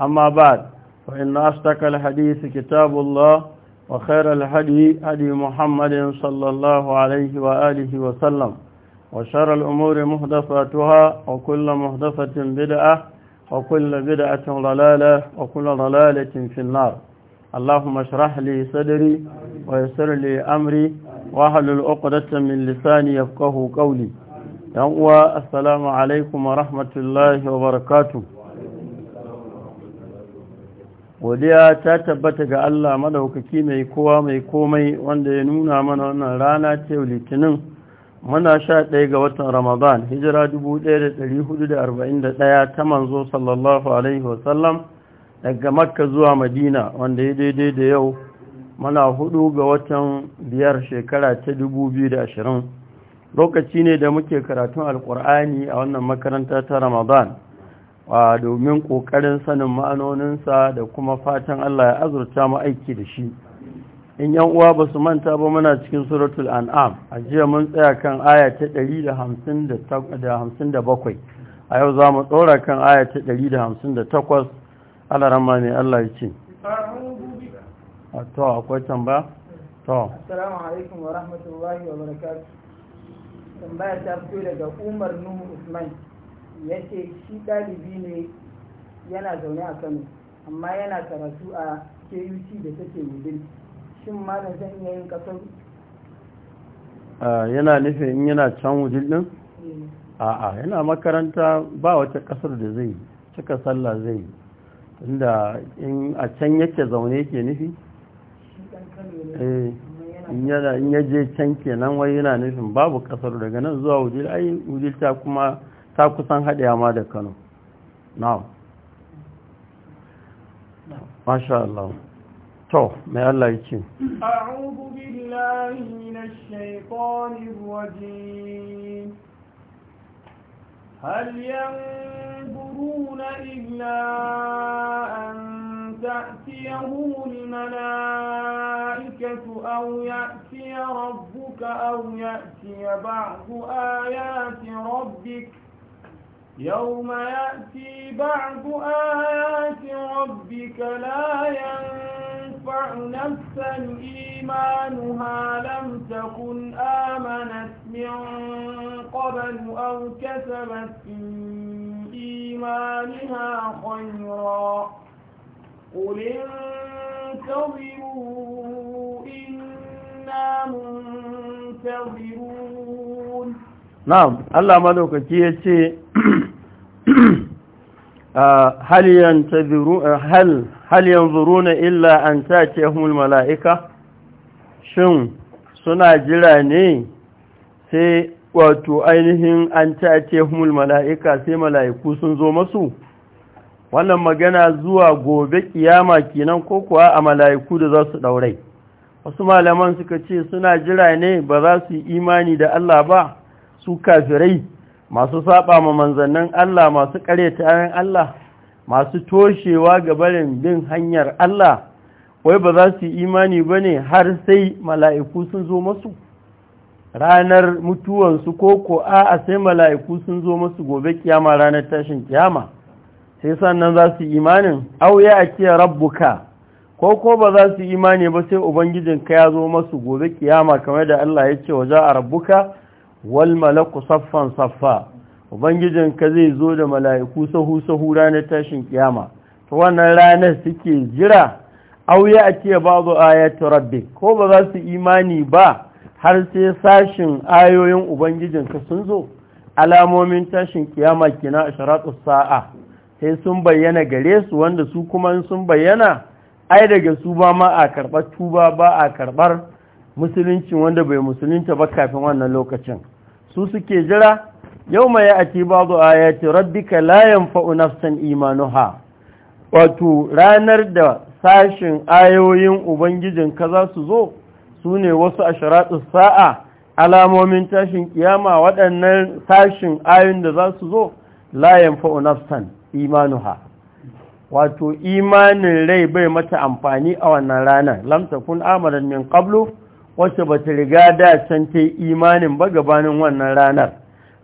أما بعد فإن أصدق الحديث كتاب الله وخير الهدي هدي محمد صلى الله عليه وآله وسلم وشر الأمور محدثاتها وكل محدثة بدعة وكل بدعة ضلالة وكل ضلالة في النار اللهم اشرح لي صدري ويسر لي أمري واحلل عقدة من لساني يفقه قولي يوم السلام عليكم ورحمة الله وبركاته godiya ta tabbata ga Allah madaukaki mai kowa mai komai wanda ya nuna mana wannan rana ce litinin muna sha ɗaya ga watan ramadan hijira 1441 ta manzo sallallahu alaihi wasallam daga makka zuwa madina wanda ya daidai da yau muna hudu ga watan biyar shekara ta 2020 lokaci ne da muke karatun alkur'ani a wannan makaranta ta ramadan domin ƙoƙarin sanin ma'anoninsa da kuma fatan Allah ya azurta mu aiki da shi in yan uwa ba su manta ba muna cikin suratul an'am a jiya mun tsaya kan aya ta 157 a yau za mu tsora kan aya ta 158 ala rama ne Allah ya ce a to akwai tamba to assalamu alaikum wa rahmatullahi wa barakatuh tambaya ta fito daga umar nuhu usman ya ce shi ɗalibi ne yana zaune a kano amma yana karatu a kuc da take wudin shin malam zan iya yin kasar yana nufin yana can wudin din eh. a'a yana makaranta ba wata kasar da zai cika sallah zai inda in a can yake zaune yake nufi eh, in yaje can kenan wai yana nufin babu kasar daga nan zuwa wudil ai wudil ta kuma ta kusan haɗaya ma da kano na'am masha Allah to mai Allah yake a'udhu billahi minash shaitanir rajim هل ينظرون إلا أن تأتيهم الملائكة أو يأتي ربك أو يأتي بعض آيات ربك يوم يأتي بعض آيات ربك لا ينفع نفسا إيمانها لم تكن آمنت من قبل أو كسبت في إيمانها خيرا قل انتظروا إنا منتظرون نعم الله ملوك كي hal na illa an ta tatiyahumul mala'ika shin suna jira ne sai wato ainihin an ta tatiyahumul mala'ika sai mala'iku sun zo masu wannan magana zuwa gobe kiyama kenan ko kuwa a mala'iku da za su ɗaurai wasu malaman suka ce suna jira ne ba za su yi imani da Allah ba su kafirai masu saba ma manzannin Allah masu ta ayan Allah masu toshewa ga barin bin hanyar Allah wai ba za su imani ba ne har sai mala'iku sun zo masu ranar mutuwansu ko ko a sai mala'iku sun zo masu gobe kiyama ranar tashin kiyama sai sannan za su imanin auya a ce rabbuka ko ko ba za su imani ba sai ubangijinka ya zo masu gobe kiyama kamar da Allah ya ce waje a rabbuka wal malaku saffan saffa ka zai zo da mala'iku sahu sahu ranar tashin kiyama ta wannan ranar suke jira auya a ce babu ayatu rabbi ko ba za su imani ba har sai sashin ayoyin ubangijin ka sun zo alamomin tashin kiyama kina asharatu sa'a sai sun bayyana gare su wanda su kuma sun bayyana ai daga su ba ma a karɓar tuba ba a karɓar musulunci wanda bai musulunta ba kafin wannan lokacin su suke jira yau mai ati babu ce rabbika la fa'u nafsan imanuha wato ranar da sashin ayoyin ubangijin ka za su zo su ne wasu asharatu sa'a alamomin tashin kiyama waɗannan sashin ayoyin da za su zo la yanfa'u nafsan imanuha wato imanin rai bai mata amfani a wannan ranar lamta kun amaran min wacce ba ta riga da can ta yi imanin ba gabanin wannan ranar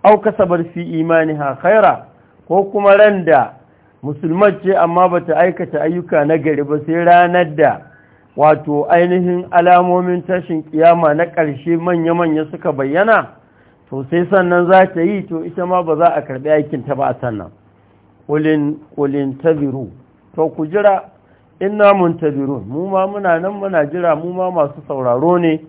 au kasabar fi imani ha khaira ko kuma ran da musulman ce amma ba ta aikata ayyuka na gari ba sai ranar da wato ainihin alamomin tashin kiyama na ƙarshe manya-manya suka bayyana to sai sannan za ta yi to ita ma ba za a karɓi ta ba a sannan ƙulin tabiru to ku jira inna namun mu ma muna nan muna jira mu ma masu sauraro ne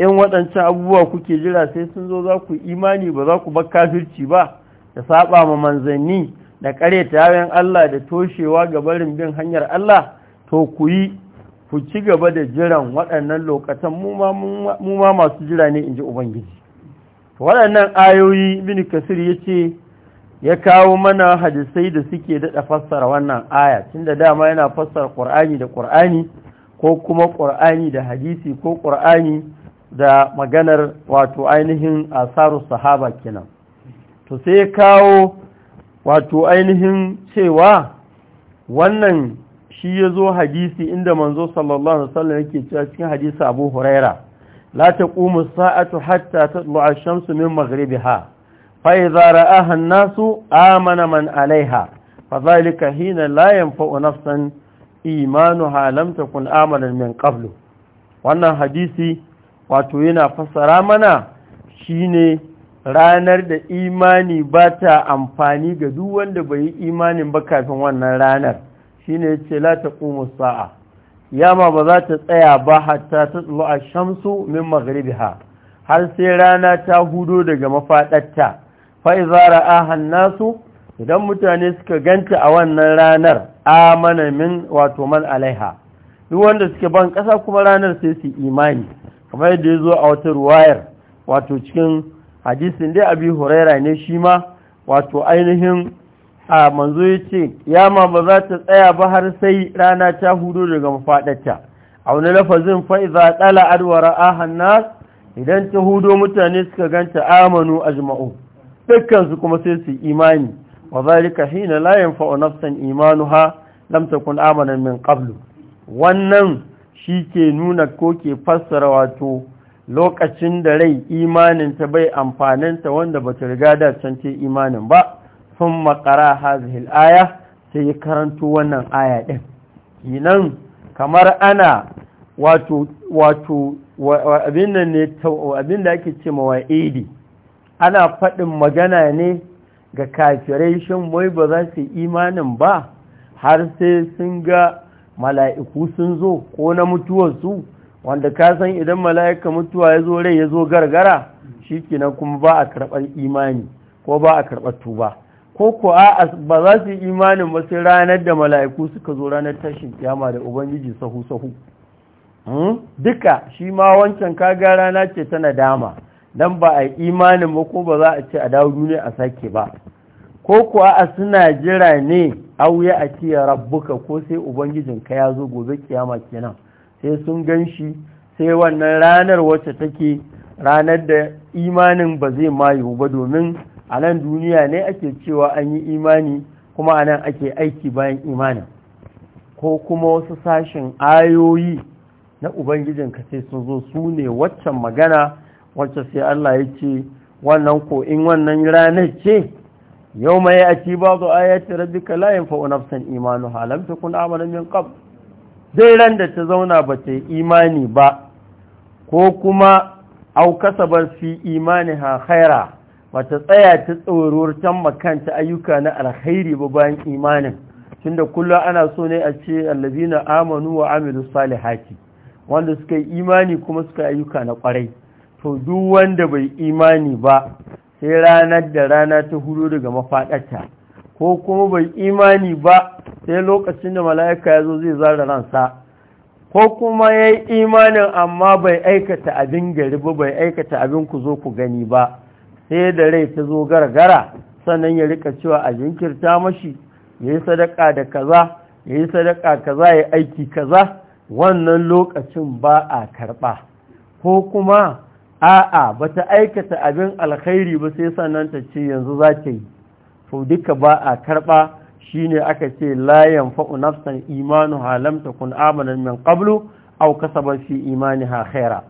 in waɗancan abubuwa kuke jira sai sun zo za ku imani ba za ku bar kafirci ba da saba ma manzanni da ƙareta yayin Allah da toshewa ga barin bin hanyar Allah to ku yi ku ci gaba da jiran waɗannan lokatan mu ma masu jira ne in ji Ubangiji. waɗannan ayoyi bin kasir yace ya kawo mana hadisai da suke daɗa fassara wannan aya tunda dama yana fassara ƙur'ani da ƙur'ani ko kuma ƙur'ani da hadisi ko ƙur'ani da maganar wato ainihin asaru sahaba kenan to sai ya kawo wato ainihin cewa wannan shi ya zo hadisi inda manzo sallallahu alaihi wasallam yake cewa cikin hadisi Abu Huraira la taqumu sa'atu hatta tatlu'a ash-shamsu min maghribiha فإذا رآها الناس آمن من عليها فذلك حين لا ينفع نفسا إيمانها لم تكن آمنا من قبل wannan hadisi wato yana fassara mana shine ranar da imani ba ta amfani ga duk wanda bai yi imanin ba kafin wannan ranar shine yace la taqumu sa'a yama ba za ta tsaya ba hatta tatlu ash-shamsu min maghribiha har sai rana ta hudo daga mafadarta. faizara a hannasu idan mutane suka ganta a wannan ranar amana min wato man alaiha duk wanda suke ban kasa kuma ranar sai su imani kamar da ya zo a wata ruwayar wato cikin hadisin dai abi huraira ne shi ma wato ainihin a manzo ya ce yama ba za ta tsaya ba har sai rana ta hudu daga mafaɗarta a wani lafazin fa'iza ɗala adwara ahan idan ta hudo mutane suka ganta amanu a ajma'u dukkansu kuma sai su imani wa zalika hina la yanfa'u nafsan imanuha lam takun amanan min qablu wannan shi ke nuna ko ke fassara wato lokacin da rai imanin ta bai amfanin ta wanda bata riga da san ce imanin ba sun makara hazihil aya sai ya karanto wannan aya ɗin kinan kamar ana wato wato abin da ake ce mawa'idi ana faɗin magana ne ga kafirai shan wai ba za su imanin ba har sai sun ga mala'iku sun zo ko na mutuwarsu wanda ka san idan mala'ika mutuwa ya zo rai ya zo gargara shi kenan kuma ba a karɓar imani ko ba a karɓar tuba ko ko a ba za su imanin ba sai ranar da mala'iku suka zo ranar tashin kyama da ubangiji sahu-sahu hmm? duka shi ma wancan kaga rana ce ta nadama dan ba a yi imanin ba ko ba za a ce a dawo duniya a sake ba ko kuwa a suna jira ne auya a ce rabbuka ko sai ubangijin ka ya zo gobe kiyama kenan sai sun gan shi sai wannan ranar wacce take ranar da imanin ba zai mayu ba domin a nan duniya ne ake cewa an yi imani kuma a nan ake aiki bayan imanin ko kuma wasu sashen ayoyi na ubangijin ka sai sun zo su ne waccan magana wacce sai Allah ya ce wannan ko in wannan ranar ce yau mai ya ci ba zo ka layin fa’o na nafsan imanu halamta takun amalan min qabl zai ran da ta zauna ba ta imani ba ko kuma au kasabar fi imaniha khaira ta tsaya ta tsoruwar can makanta ayyuka na alkhairi ba bayan imanin tun da kullum ana so ne a ce na amanu wa amilus salihati wanda suka yi imani kuma suka ayyuka na kwarai to duk wanda bai imani ba sai ranar da rana ta hudu daga mafaɗata ko kuma bai imani ba sai lokacin da mala'ika ya zo zai zara ransa ko kuma ya yi imanin amma bai aikata abin gari ba bai aikata abin ku zo ku gani ba sai da rai ta zo gargara sannan ya rika cewa a jinkirta mashi ya yi sadaka da kaza ya yi sadaka kaza ya aiki kaza wannan lokacin ba a karɓa ko kuma a'a ba ta aikata abin alkhairi ba sai sannan ta ce yanzu za ta yi to duka ba a karɓa shine aka ce layan fa'u nafsan imanu halamta kun amanan min qablu aw kasaban fi imaniha khaira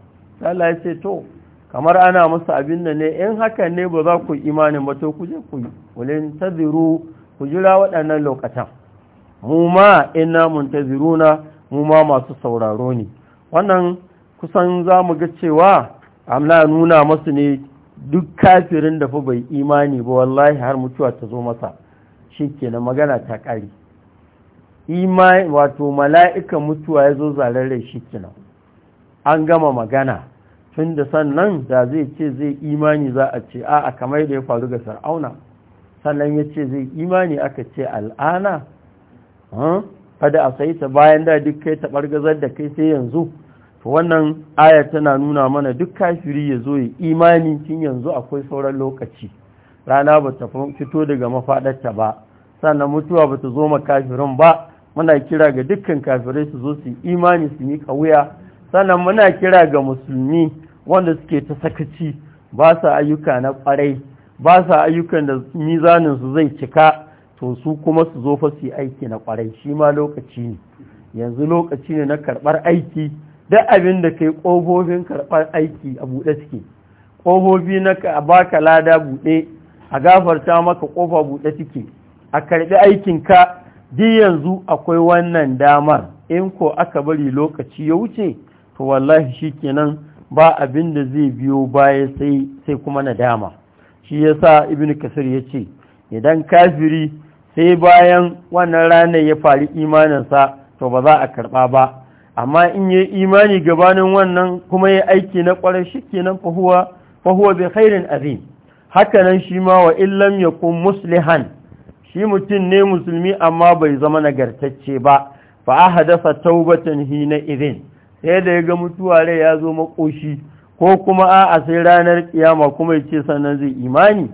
Allah ya ce to kamar ana musu abin da ne in haka ne ba za ku imanin ba to ku je ku yi wulin taziru ku jira waɗannan lokacin mu ma ina muntaziruna mu ma masu sauraro ne wannan kusan za mu ga cewa Ana nuna masu ne duk kafirin da fa bai imani ba wallahi har mutuwa ta zo masa shi na magana ta ƙari imani wato mala'ika mutuwa ya zo zarare shi kenan an gama magana tun da sannan da zai ce zai imani za a ce a kamar da ya faru ga sar'auna sannan ya ce zai imani aka ce al'ana hmm, fada a sai ta bayan da duk kai ta ɓargazar da kai sai yanzu wannan aya tana nuna mana duk kafiri ya zo ya imani tun yanzu akwai sauran lokaci rana ba ta fito daga mafaɗarta ba sannan mutuwa ba ta zo makafirin ba muna kira ga dukkan kafirai su zo su imani su yi kawuya sannan muna kira ga musulmi wanda suke ta sakaci ba sa ayyuka na ƙwarai ba sa ayyukan da mizaninsu zai cika to su kuma su zo fa su yi aiki na kwarai shi ma lokaci ne yanzu lokaci ne na karɓar aiki duk abin da kai ƙofofin karɓar aiki a buɗe suke ƙofofi na ka baka lada buɗe a gafarta maka ƙofa buɗe suke a karɓi aikin ka duk yanzu akwai wannan damar in ko aka bari lokaci ya wuce to wallahi shi kenan ba abin da zai biyo baya sai sai kuma nadama shi yasa ibn kasir ya ce idan kafiri sai bayan wannan ranar ya faru imaninsa to ba za a karɓa ba amma in yi imani gabanin wannan kuma ya aiki na ƙwarar shi kenan fahuwa fahuwa bi khairin azim hakanan shi ma wa illam kun muslihan shi mutum ne musulmi amma bai zama nagartacce ba ba a hadasa taubatan hi na izin sai da ya ga mutuwa rai ya zo makoshi ko kuma a'a sai ranar kiyama kuma ce sannan zai imani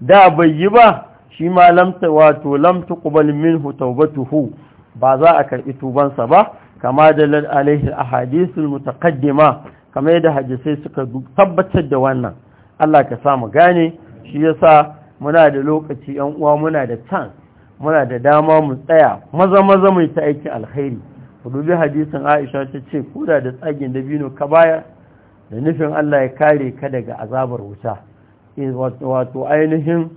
da bai yi ba shi ma lamta wato lamta hu ta'ubatu hu, ba za a karɓi tubansa ba kama dalal alaihi ahadithul mutaqaddima kamar yadda hadisai suka tabbatar da wannan Allah ka sa mu gane shi yasa muna da lokaci yan uwa muna da can muna da dama mu tsaya maza maza mu ta aiki alkhairi ku hadisin Aisha ta ce koda da tsagin dabino ka baya da nufin Allah ya kare ka daga azabar wuta wato ainihin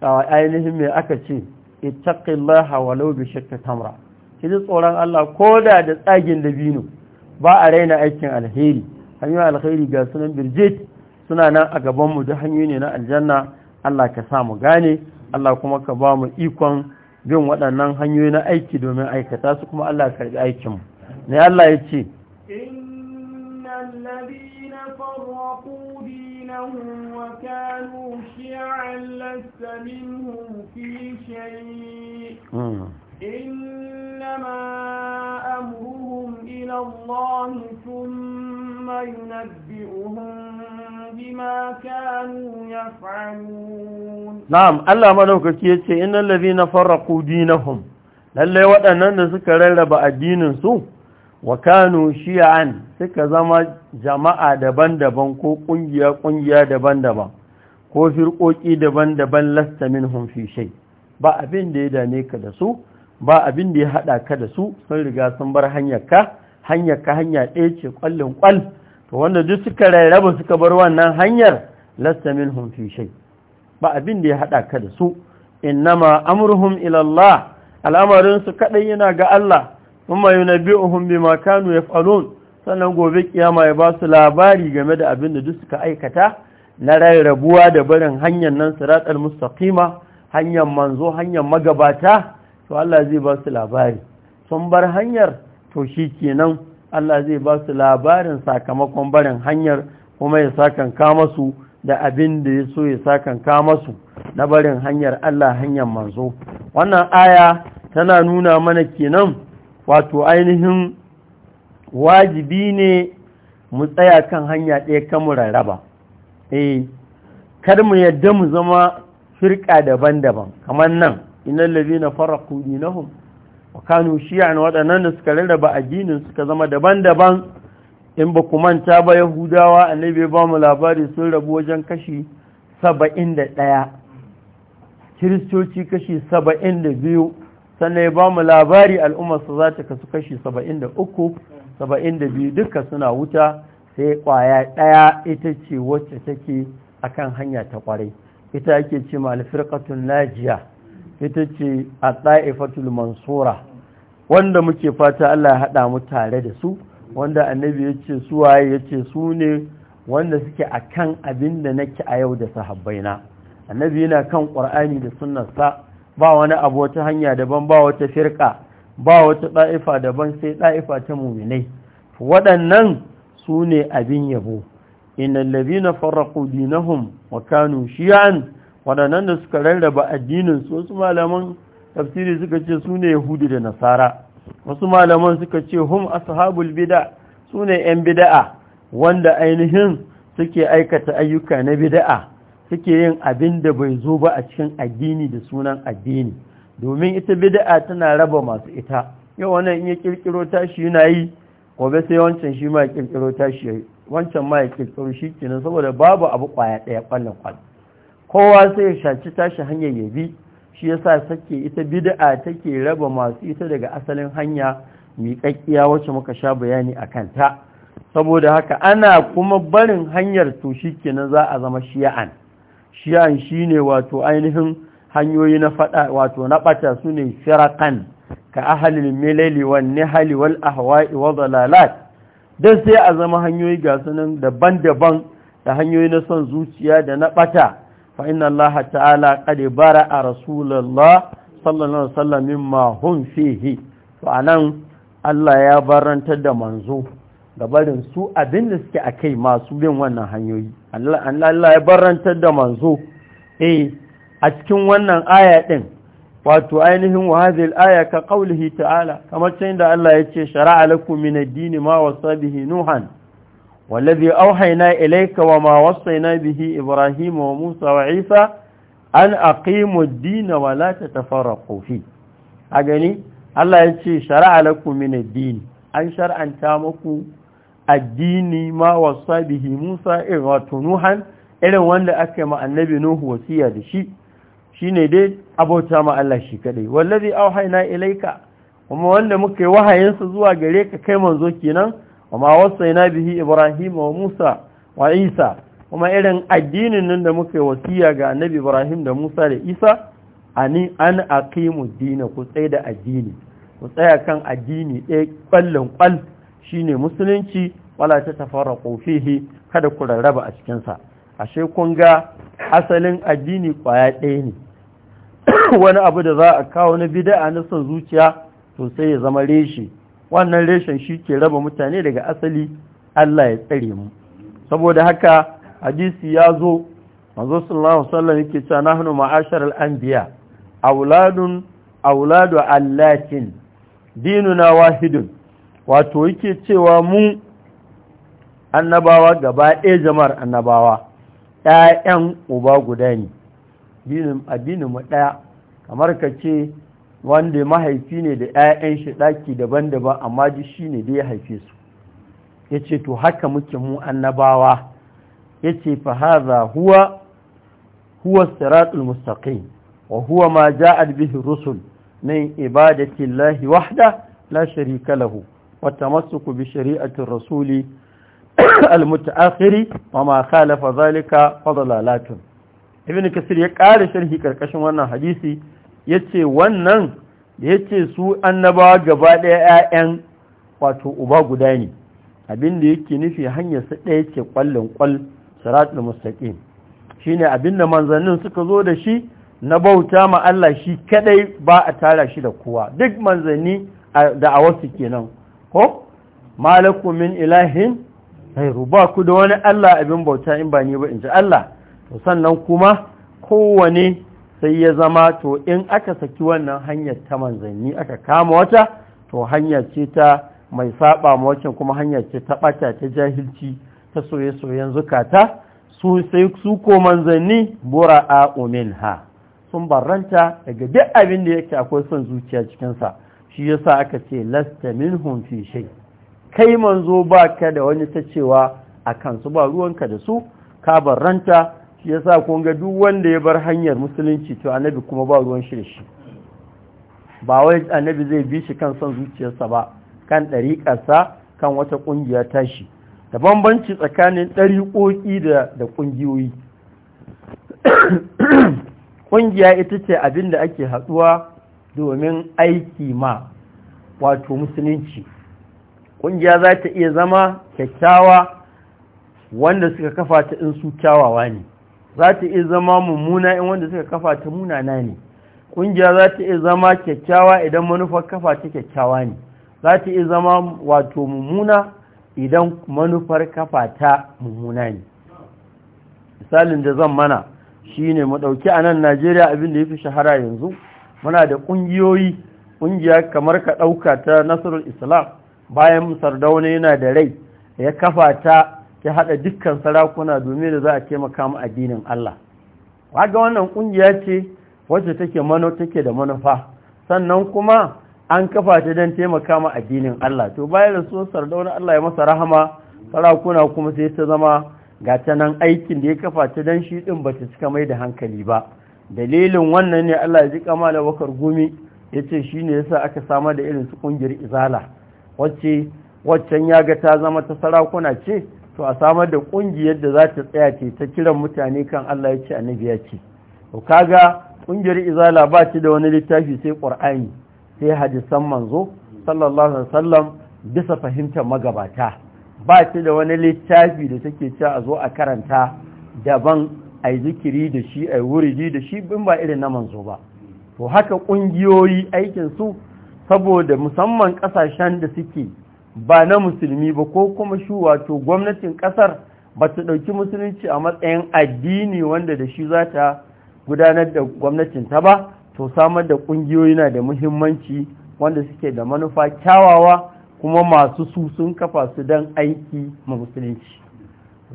ainihin me aka ce ittaqillaha walau bi shakka tamra ki ji tsoron Allah ko da da tsagin dabino ba a raina aikin alheri hanyoyin alheri ga sunan birjit suna nan a gabanmu da hanyoyi ne na aljanna Allah ka sa mu gane Allah kuma ka ba mu ikon bin waɗannan hanyoyi na aiki domin aikata su kuma Allah aikin mu ne Allah ya ce Mm-hmm. إنما أمرهم إلى الله ثم ينبئهم بما كانوا يفعلون نعم الله ملوك كيتي إن الذين فرقوا دينهم للي ودنن سكرر بأدين سوء وكانوا شيعا suka zama jama'a daban-daban ko ƙungiya-ƙungiya daban-daban ko firƙoƙi daban-daban lasta minhum fi shay ba abin da ya dame ka da su ba abin da ya haɗa ka da su sun riga sun bar hanyar ka hanyar ka hanya ɗaya ce ƙwallon ƙwal to wanda duk suka rarraba suka bar wannan hanyar lasta minhum fi shay ba abin da ya haɗa ka da su innama amruhum ila Allah al'amarin su kadai yana ga Allah kuma yunabbi'uhum bima kanu yaf'alun sannan gobe kiyama ya ba su labari game da abin da duk suka aikata na rarrabuwa da barin hanyar nan siratal mustaqima hanyar manzo hanyar magabata to Allah zai ba su labari sun bar hanyar to shi kenan Allah zai ba su labarin sakamakon barin hanyar kuma ya kama masu da abin da ya so ya kama masu na barin hanyar Allah hanyar manzo wannan aya tana nuna mana kenan wato ainihin wajibi ne mu tsaya kan hanya ɗaya ka mu rarraba eh kar mu yadda mu zama firka daban-daban kamar nan innal ladina fara dinahum wa kanu shi'an wadannan da suka rarraba addinin suka zama daban-daban in ba ku manta ba yahudawa annabi ba mu labari sun rabu wajen kashi 71 kiristoci kashi 72 sannan ya ba mu labari al'ummarsa za ta kasu kashi 73 72 duka suna wuta sai kwaya ɗaya ita ce wacce take akan hanya ta kwarai ita ake ce ma alfirqatun najiya ita ce a ɗa'ifatul mansura wanda muke fata Allah ya haɗa mu tare da su wanda annabi ya ce su waye ya ce su ne wanda suke a kan abin da nake a yau da sahabbaina annabi yana kan ƙwar'ani da sunnarsa ba wani abu wata hanya daban ba wata firka ba wata ɗa'ifa daban sai ɗa'ifa ta muminai waɗannan su ne abin yabo inna labina farraku dinahum wa kanu shi'an waɗannan da suka rarraba addinin su wasu malaman tafsiri suka ce su ne yahudu da nasara wasu malaman suka ce hum ashabul bid'a su ne 'yan bida'a wanda ainihin suke aikata ayyuka na bida'a suke yin abin da bai zo ba a cikin addini da sunan addini domin ita bida'a tana raba masu ita yau wannan in ya kirkiro tashi yana yi gobe sai wancan shi ma ya kirkiro tashi wancan ma ya kirkiro shi kenan saboda babu abu kwaya ɗaya ƙwallon kwallon kowa sai ya shaci tashi hanyar ya bi shi yasa sake ita bida'a take raba masu ita daga asalin hanya miƙaƙƙiya wacce muka sha bayani a kanta saboda haka ana kuma barin hanyar to shi kenan za a zama shi'an shi'an shine wato ainihin hanyoyi na fada wato na bata su ne firakan ka ahlil milali wan nihali wal ahwa'i wa dalalat dan sai a zama hanyoyi gasu nan daban-daban da hanyoyi na son zuciya da na bata fa inna Allah ta'ala qad a rasulullah sallallahu alaihi wasallam mimma hum fihi to anan Allah ya barantar da manzo ga barin su abin da suke akai masu bin wannan hanyoyi Allah ya barantar da manzo eh a cikin wannan aya din wato ainihin wa hadhihi al-aya ka qawlihi ta'ala kamar cewa da Allah yace ce, lakum min ad-din ma wasa nuhan wallazi auhayna ilayka wa ma wasaina bihi Ibrahim wa musa wa isa an aqimu ad-din wa la tatafarraqu a gani Allah ya ce shara'a lakum min ad an shar'anta muku addini ma wasa bihi musa wato nuhan irin wanda aka yi annabi nuhu wasiya da shi shine dai abota ma Allah shi kadai wallazi auhayna ilaika, kuma wanda muka yi wahayinsa zuwa gare ka kai manzo kenan amma wasaina bihi ibrahim wa musa wa isa kuma irin addinin nan da muka wasiya ga annabi ibrahim da musa da isa ani an aqimu dina ku tsaya da addini ku tsaya kan addini ɗaya ƙwallon ƙwal shine musulunci wala ta tafarraqu fihi kada ku rarraba a cikin sa ashe kun ga asalin addini ƙwaya ɗaya ne wani abu da za a kawo na bid'a na son zuciya to sai ya zama reshe wannan reshen shi ke raba mutane daga asali Allah ya tsare mu saboda haka hadisi ya zo manzo sallallahu alaihi wasallam yake cewa nahnu ma'ashar al-anbiya auladun auladu allatin dinuna wahidun wato yake cewa mu annabawa gaba ɗaya jama'ar annabawa ɗayan uba guda ne addinin mu ɗaya kamar ka ce wanda mahaifi ne da 'ya'yan shi ɗaki daban-daban amma ji shi ne da ya haife su ya ce to haka muke mu annabawa ya ce fahaza huwa huwa siratul mustaqim wa huwa ma ja'at bihi rusul min ibadati llahi wahda la sharika lahu wa tamassuku bi shari'ati rasuli almuta'akhiri mutaakhiri wa ma khalafa dhalika fadlalatun ibn kasir ya ƙara sharhi karkashin wannan hadisi ya ce wannan da ya ce su annabawa gaba ɗaya 'ya'yan wato uba guda ne abinda yake nufi hanyar su ɗaya ce ƙwallon ƙwal Shi ne shine da manzannin suka zo da shi na bauta ma Allah shi kaɗai ba a tara shi da kowa duk manzanni da a wasu kenan ko malaku min ilahin ghairu ba ku da wani Allah abin bauta in ba ni ba in ji Allah to sannan kuma kowane sai ya zama to in aka saki wannan hanyar ta manzanni aka kama wata to hanyar ce ta mai saba mawacin kuma hanyar ce ta ɓata ta jahilci ta soye-soyen zukata su sai su ko manzanni bura'a ha sun barranta daga duk abin da yake akwai son zuciya cikinsa shi yasa aka ce lasta minhum fi shay kai manzo baka da wani ta cewa a kansu ba ruwanka da su ka barranta shi yasa kun ga duk wanda ya bar hanyar musulunci to annabi kuma ba ruwan shi da shi ba wai annabi zai bi shi kan son zuciyarsa ba kan ɗariƙarsa kan wata ƙungiya tashi da bambanci tsakanin ɗariƙoƙi da ƙungiyoyi ƙungiya ita ce abin da ake haɗuwa domin aiki ma wato musulunci ƙungiya za ta iya zama kyakkyawa wanda suka kafa ta in su kyawawa ne za ta iya zama mummuna in wanda suka kafa ta munana ne ƙungiya za ta iya zama kyakkyawa idan manufar kafa ta kyakkyawa ne za ta iya zama wato mummuna idan manufar kafa ta mummuna ne misalin da zan mana shine mu ɗauki a nan najeriya abin da ya fi shahara yanzu muna da ƙungiyoyi ƙungiya kamar ka ɗauka ta nasarar islam bayan sardauna yana da rai ya kafa ta ya haɗa dukkan sarakuna domin da za a taimaka mu addinin Allah waga wannan ƙungiya ce wacce take mano take da manufa sannan kuma an kafa ta don taimaka ma addinin Allah to bayan rasuwar sardauna Allah ya masa rahama sarakuna kuma sai ta zama ga ta nan aikin da ya kafa ta don shi ɗin ba ta cika mai da hankali ba dalilin wannan ne Allah ya ji kama da wakar gumi ya ce shi ne yasa aka samar da irin su ƙungiyar izala wacce waccan ya ga ta zama ta sarakuna ce to a samar da ƙungiyar da za ta tsaya ce ta kiran mutane kan Allah ya ce annabi ya ce to kaga ƙungiyar izala ba ta da wani littafi sai ƙur'ani sai hadisan manzo sallallahu alaihi wasallam bisa fahimtar magabata ba ta da wani littafi da take ci a zo a karanta daban a yi zikiri da shi a yi wuridi da shi bin ba irin na manzo ba to haka ƙungiyoyi su saboda musamman ƙasashen da suke ba na musulmi ba ko kuma shi wato gwamnatin kasar ba ta ɗauki musulunci a matsayin addini wanda da shi za ta gudanar da gwamnatin ta ba to samar da ƙungiyoyi na da muhimmanci wanda suke da manufa kyawawa kuma masu su sun kafa su don aiki ma musulunci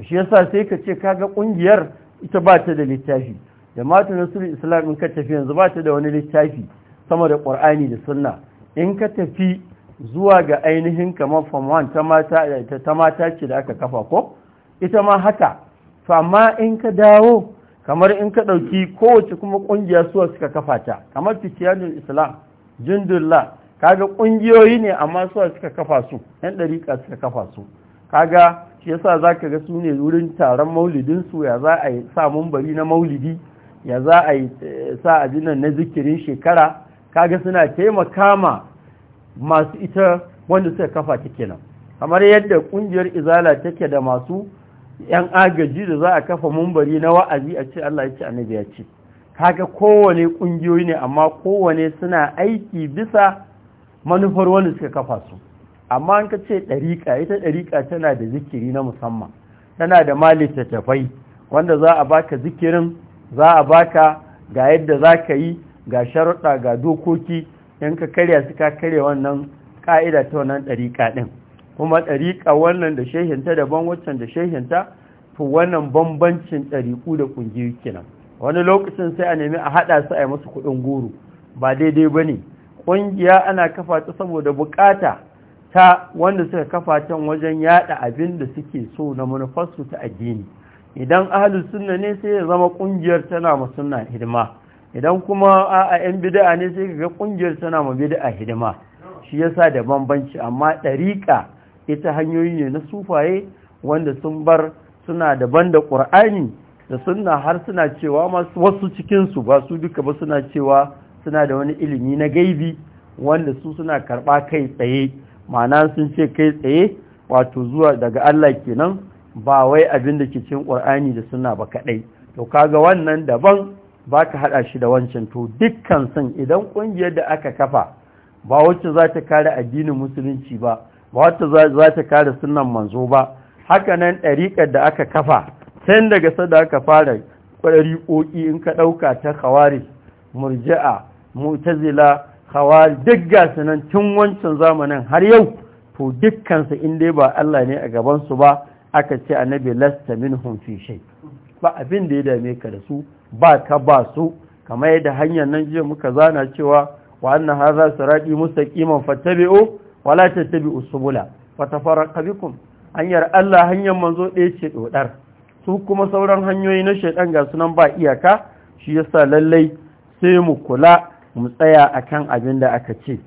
shi yasa sai ka ce kaga ƙungiyar ita ba ta da littafi Da na nasul islam in ka tafi yanzu ba ta da wani littafi sama da ƙur'ani da sunna in ka tafi zuwa ga ainihin kamar form 1 ta mata ta mata ce da aka kafa ko ita ma haka to amma in ka dawo kamar in ka ɗauki kowace kuma ƙungiya suwa suka kafa ta kamar fitiyanul islam jindullah kaga ƙungiyoyi ne amma suwa suka kafa su yan ɗariƙa suka kafa su kaga shi yasa za ka ga su ne wurin taron maulidinsu ya za a yi sa mumbari na maulidi ya za a yi eh, sa ajinan na zikirin shekara kaga suna taimaka ma masu ita wanda suka kafa ta kenan kamar yadda kungiyar izala take da masu yan agaji da za a kafa mumbari na wa'azi a ce Allah ya ce annabi ya ce kaga kowane kungiyoyi ne amma kowane suna aiki bisa manufar wanda suka kafa su amma an ka ce ita ɗarika tana da zikiri na musamman tana da ma tafai wanda za a baka zikirin za a baka ga yadda za ka yi ga sharuɗa ga dokoki in ka karya su ka karya wannan ka'ida ta wannan ɗariƙa ɗin kuma ɗariƙa wannan da shehinta daban waccan da shehinta to wannan bambancin ɗariƙu da ƙungiyoyi kenan wani lokacin sai a nemi a haɗa su a yi musu kuɗin goro ba daidai ba ne ƙungiya ana kafa ta saboda buƙata ta wanda suka kafa can wajen yaɗa abin da suke so na manufarsu ta addini idan ahalus sunna ne sai ya zama ƙungiyar tana ma sunna hidima idan kuma a yan bid'a ne sai ga kungiyar suna ma bid'a hidima shi yasa da bambanci amma ɗariƙa ita hanyoyi ne na sufaye wanda sun bar suna daban da ƙur'ani da sunna har suna cewa masu wasu cikinsu ba su duka ba suna cewa suna da wani ilimi na gaibi wanda su suna karɓa kai tsaye ma'ana sun ce kai tsaye wato zuwa daga Allah kenan ba wai abin da ke cikin ƙur'ani da sunna ba kaɗai to kaga wannan daban ba ka haɗa shi da wancan to dukkan sun idan ƙungiyar da aka kafa ba wacce za ta kare addinin musulunci ba ba wacce za ta kare sunan manzo ba haka nan ɗariƙar da aka kafa sai daga sada aka fara ƙoƙi in ka ɗauka ta khawari murji'a, mutazila khawari duk gasu nan tun wancan zamanin har yau to dukkansu in dai ba Allah ne a gabansu ba aka ce annabi lasta minhum fi shay ba abin da ya dame ka da su ba ka ba su kamar yadda hanyar nan jiya muka zana cewa wa anna hadha sirati mustaqiman fattabi'u wa la tattabi'u subula fara bikum hanyar Allah hanyar manzo ɗaya ce ɗoɗar su kuma sauran hanyoyi na shaidan ga sunan ba iyaka shi ya sa lallai sai mu kula mu tsaya a kan abin da aka ce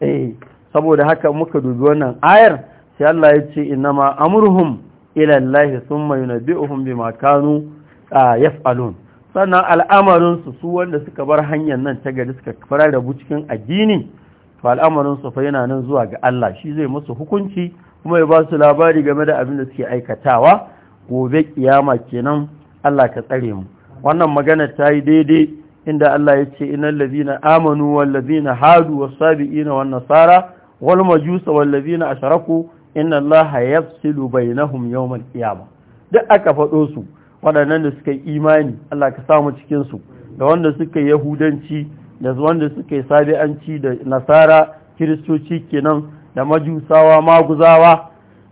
eh saboda haka muka dubi wannan ayar sai Allah ya ce inna ma sun ila Allah thumma yunabbi'uhum kanu yaf'alun sannan al'amarin su wanda suka bar hanyar nan ta gari suka fara rabu cikin addini to al'amarin su fa yana nan zuwa ga Allah shi zai musu hukunci kuma ya ba su labari game da abin da suke aikatawa gobe kiyama kenan Allah ka tsare mu wannan magana ta yi daidai inda Allah ya ce innal ladina amanu wal ladina hadu was sabiina wan nasara wal majusa wal ladina asharaku inna Allah yafsilu bainahum yawmal qiyamah duk aka faɗo su waɗannan da suka yi imani Allah ka samu cikinsu da wanda suka yahudanci da wanda suka sabi'anci da nasara kiristoci kenan da majusawa maguzawa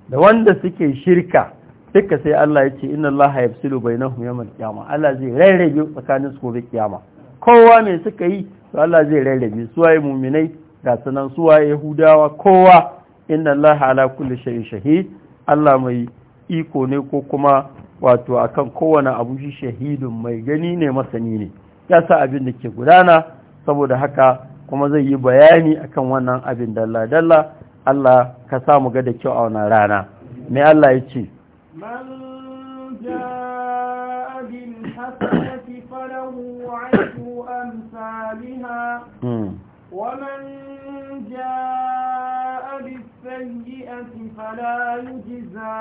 da wanda suke shirka duka sai Allah ya ce inna Allah ya fsilu bainahum yawmal qiyamah Allah zai rarrabe tsakanin su gobe kiyama kowa mai suka yi to Allah zai rarrabe su waye mu'minai ga sanan su waye yahudawa kowa inna Allah ala kulli shay'in shahid Allah mai iko ne ko kuma wato akan kowane abu shi shahidun mai gani ne masani ne ya sa abin da ke gudana saboda haka kuma zai yi bayani akan wannan abin dalla dalla Allah ka samu ga da kyau a wannan rana mai Allah ya ce ومن سيئة فلا يجزى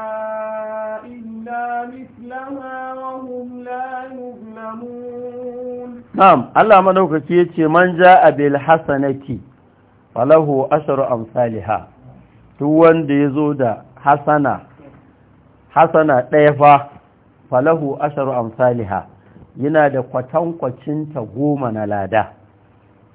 إلا مثلها وهم لا يظلمون نعم الله مدوك كيتي من جاء بالحسنة فله أشر أمثالها tuwan da ya حسنة da hasana hasana ɗaya fa falahu asharu amsaliha yana da kwatankwacinta goma na lada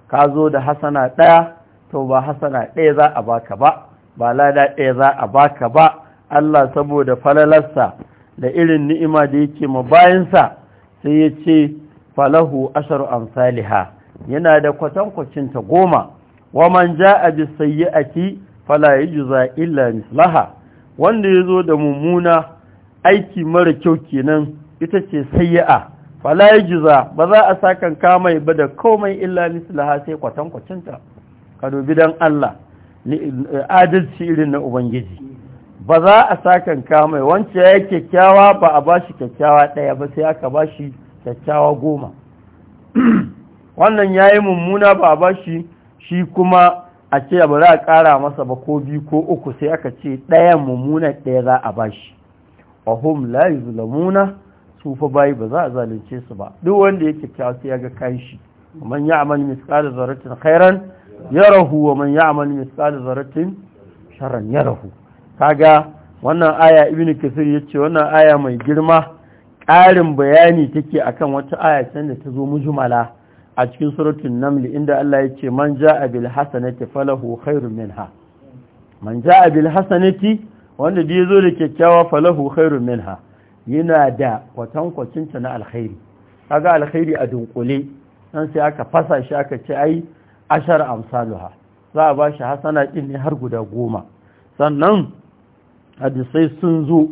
ka zo da hasana ɗaya to ba hasana ɗaya za a baka ba ba lada ɗaya za a baka ba Allah saboda falalarsa da irin ni'ima da yake ma bayansa sai ya ce falahu asharu amsaliha yana da kwatankwacin ta goma wa man ja'a bi sayyi'ati fala yujza illa mislaha wanda yazo da mummuna aiki mara kyau kenan ita ce sayyi'a fala yujza ba za a sakan kamai ba da komai illa mislaha sai kwatankwacin ta ka dubi dan Allah adalci irin na ubangiji ba za a sakan kamai wance ya yi kyakkyawa ba a ba shi kyakkyawa ɗaya ba sai aka ba shi kyakkyawa goma wannan ya yi mummuna ba a ba shi shi kuma a ce ba za a ƙara masa ba ko biyu ko uku sai aka ce ɗayan mummuna ɗaya za a ba bashi wahum layi zulamuna su fa bayi ba za a zalunce su ba duk wanda ya kyakkyawa sai ya ga kan shi man ya'mal mithqala dharratin khairan yarahu wa man ya'mal misqala dharratin sharran yarahu kaga wannan aya ibnu kasir yace wannan aya mai girma ƙarin bayani take akan wata aya can da ta zo mujmala a cikin suratul naml inda Allah yace man ja'a bil hasanati falahu khairun minha man ja'a bil hasanati wanda da yazo da kyakkyawa falahu khairun minha yana da kwatankwacin ta na alkhairi kaga alkhairi a dunkule dan sai aka fasa shi aka ce ai ashar amsaluha za a ba shi hasana ɗin ne har guda goma sannan hadisai sun zo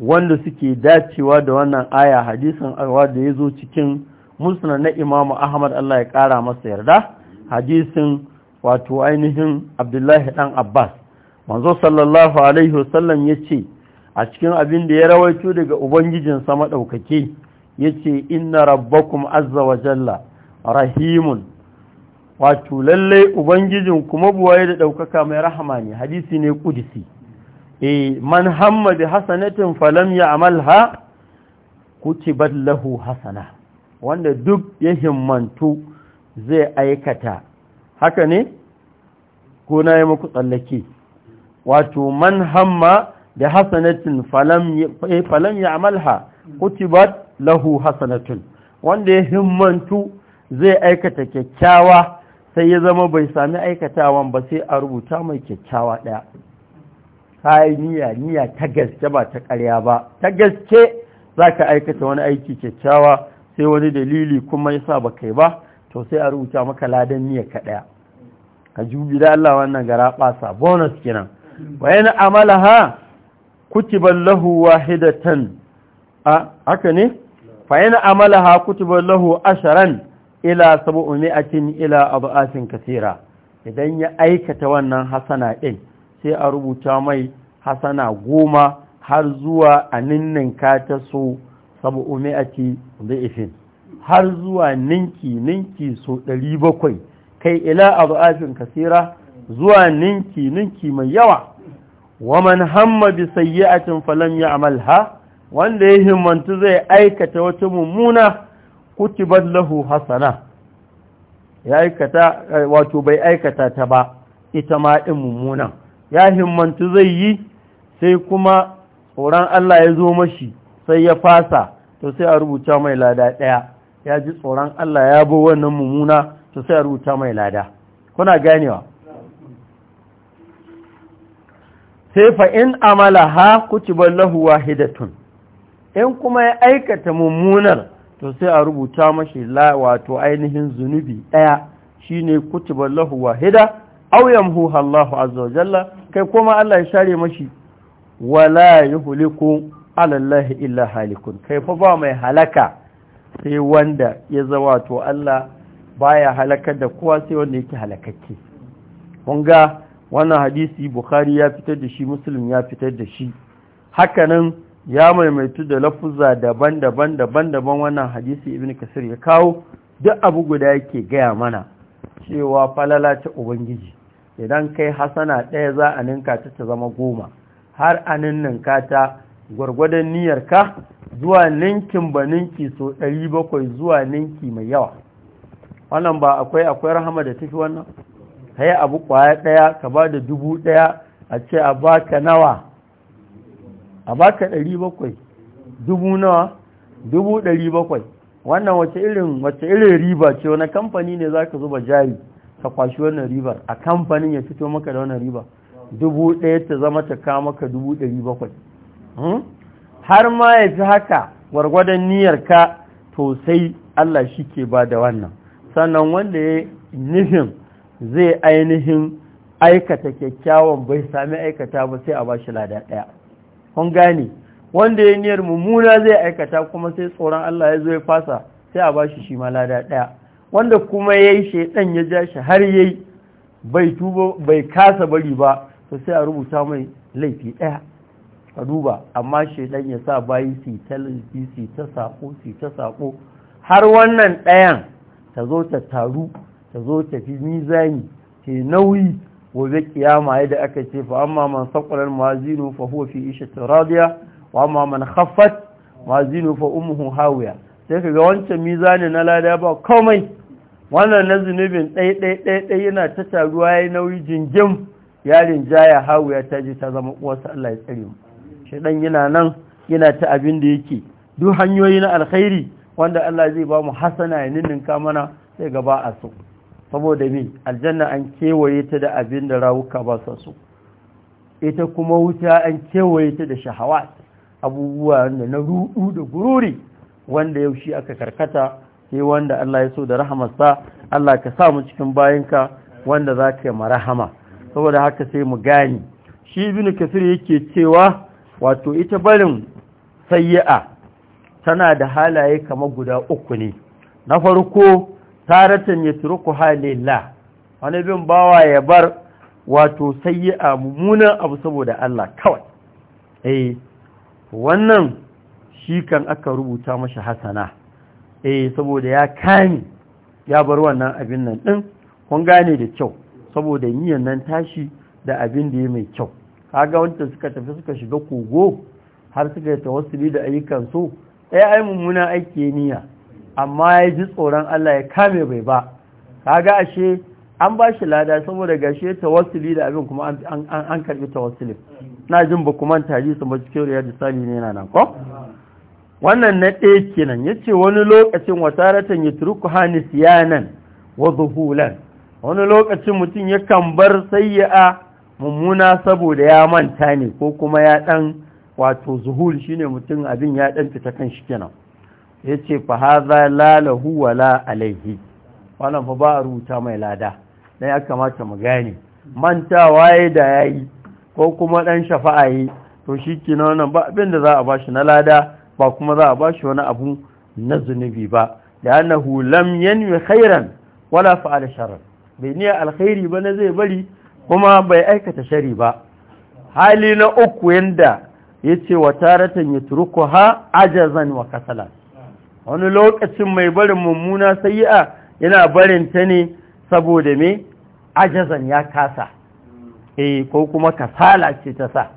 wanda suke dacewa da wannan aya hadisin arwa da ya zo cikin musna na imamu ahmad allah ya kara masa yarda hadisin wato ainihin abdullahi ɗan abbas manzo sallallahu alaihi wasallam ya ce a cikin abin da ya rawaito daga ubangijinsa maɗaukaki ya ce inna rabbakum azza wa jalla rahimun wato lalle ubangijin kuma buwaye da ɗaukaka mai rahama ne hadisi ne kudisi e eh, man hamma bi hasanatin falam ya amalha kutibat lahu hasana wanda duk ya himmantu zai aikata haka ne ko na yi muku tsallake wato man hamma da hasanatin falam ya eh, amalha kutibat lahu hasanatun wanda ya himmantu zai aikata kyakkyawa sai ya zama bai sami aikatawa ba sai a rubuta mai kyakkyawa ɗaya kayi niyya niyya ta gaske ba ta ƙarya ba ta gaske za ka aikata wani aiki kyakkyawa sai wani dalili kuma ya sa ba kai ba to sai a rubuta maka ladan niyya ka ɗaya ka jubi da Allah wannan gara ɓasa bonus kenan bayan amala ha kutiban lahu wahidatan a ah, haka ne fa yana amala ha kutiban lahu asharan ila sab'umi'atin ila abu'atin katira idan ya aikata wannan hasana din sai a rubuta mai hasana goma har zuwa a ninninka ta so sab'umi'ati dhifin har zuwa ninki ninki so 700 kai ila abu'atin katira zuwa ninki ninki mai yawa wa man hamma bi sayyi'atin falam amalha, wanda ya himmantu zai aikata wata mummuna kutibat lahu hasana ya aikata wato bai aikata ta ba ita ma ɗin mummunan ya himmantu zai yi sai kuma tsoron Allah ya zo mashi sai ya fasa to sai a rubuta mai lada ɗaya ya ji tsoron Allah ya bo wannan mummuna to sai a rubuta mai lada kuna ganewa sai fa in amala ha kucibar lahu wahidatun in kuma ya aikata mummunar to sai a rubuta mashi wato ainihin zunubi ɗaya shine kutubar lahu wahida auyan yamhuha Allahu azza wa jalla kai kuma Allah ya share mashi wala yi huliku alallahi illa halikun kai fa ba mai halaka sai wanda ya zawa to Allah baya halakar da kowa sai wanda yake halakakke kun ga wannan hadisi Bukhari ya fitar da shi Muslim ya fitar da shi hakanan ya maimaitu da lafuzza daban-daban daban-daban wannan hadisi ibn kasir ya kawo duk abu guda yake gaya mana cewa falala ta ubangiji idan kai hasana ɗaya za a ninka ta ta zama goma har a ninninka ta gwargwadon niyyarka zuwa ninkin ba ninki so ɗari bakwai zuwa ninki mai yawa wannan ba akwai akwai rahama da tafi wannan kai abu kwaya ɗaya ka ba da dubu ɗaya a ce a baka nawa a baka ɗari bakwai dubu nawa dubu ɗari bakwai wannan wace irin wace irin riba ce wani kamfani ne za ka zuba jari ka kwashi wannan ribar a kamfanin ya fito maka da wannan riba dubu ɗaya ta zama ta kawo maka dubu ɗari bakwai hmm? har ma ya fi haka gwargwadon ka! to sai Allah shi ke ba da wannan sannan wanda ya nufin zai ainihin aikata kyakkyawan bai sami aikata ba sai a ba shi lada ɗaya kun gane wanda ya niyar mummuna zai aikata kuma sai tsoron Allah ya zo ya fasa sai a bashi shi ma lada daya wanda kuma yayi shedan ya ja shi har yayi bai tuba bai kasa bari ba to sai a rubuta mai laifi daya a duba amma shedan ya sa bayi su ta su ta sako su ta sako har wannan dayan ta zo ta taru ta zo ta fi mizani ke nauyi gobe kiyama yadda aka ce fa amma man saqulan mazinu fa huwa fi ishatin radiya wa amma man khaffat mazinu fa ummuhu hawiya sai kaga wancan mizani na lada ba komai wannan na zunubin ɗai ɗai ɗai yana ta taruwa yayi nauyi jingim yarin jaya hawiya ta ji ta zama uwarsa Allah ya tsare mu shedan yana nan yana ta abin da yake duk hanyoyi na alkhairi wanda Allah zai ba mu hasana ya ninninka mana sai gaba a su saboda min aljanna an kewaye ta da abin da rawuka ba sa so ita kuma wuta an kewaye ta da shahawat abubuwa da na rudu da gururi wanda yaushe aka karkata sai wanda Allah ya so da rahamarsa Allah ka sa mu cikin bayanka wanda za ka yi marahama saboda haka sai mu gani shi ibn kasir yake cewa wato ita barin sayyi'a tana da halaye kamar guda uku ne na farko taratan ya turku halilla wani bin bawa ya bar wato sayyi'a mummunan abu saboda Allah kawai eh wannan shi kan aka rubuta mashi hasana eh saboda ya kame ya bar wannan abin nan din kun gane da kyau saboda niyyar nan tashi da abin da ya mai kyau kaga wanda suka tafi suka shiga kogo har suka yi tawassuli da ayyukan so eh, ɗaya ai mummunan aiki niyya amma ya ji tsoron Allah ya kame bai ba ka ga ashe an ba shi lada saboda gashe tawassuli da abin kuma an karbi tawassulin na jin ba kuma tari su ba cikin riyar misali ne na nan ko wannan na ɗaya kenan ya ce wani lokacin wasaratan ya turu ku hani siyanan wa zuhulan wani lokacin mutum ya kan bar sayya'a mummuna saboda ya manta ne ko kuma ya ɗan wato zuhul shine mutum abin ya ɗan fita kan shi kenan ya ce fahaza lalahu wala alaihi wannan fa ba a rubuta mai lada dan ya kamata mu gane mantawa yayi da yayi ko kuma dan shafa'a yi to shikenan wannan ba abin da za a bashi na lada ba kuma za a bashi wani abu na zunubi ba da annahu lam yanwi khairan wala fa'ala sharran bai niyya alkhairi ba na zai bari kuma bai aikata shari ba hali na uku yanda yace wa taratan ha ajazan wa kasalan wani lokacin mai barin mummuna sayi'a yana barin ta ne saboda me ajazan ya kasa eh ko kuma kasala ce ta sa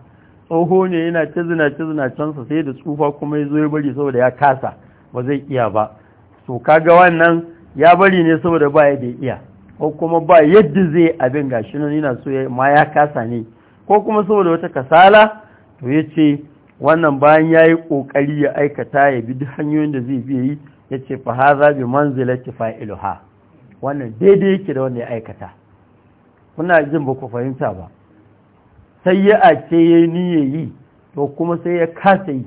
tsoho ne yana cizina-cizina zinace zinacensa sai da tsufa kuma ya zo ya bari saboda ya kasa ba zai iya ba to kaga wannan ya bari ne saboda ba ya da iya ko kuma ba yadda zai abin gashi nan yana so ma ya kasa ne ko kuma saboda wata kasala to ya ce wannan bayan ya yi ƙoƙari ya aikata ya bi duk hanyoyin da zai biya yi ya ce fa haza bi manzilati fa'iluha wannan daidai yake da wanda ya aikata kuna jin ba ku fahimta ba sai ya ake ya niyya yi to kuma sai ya kasa yi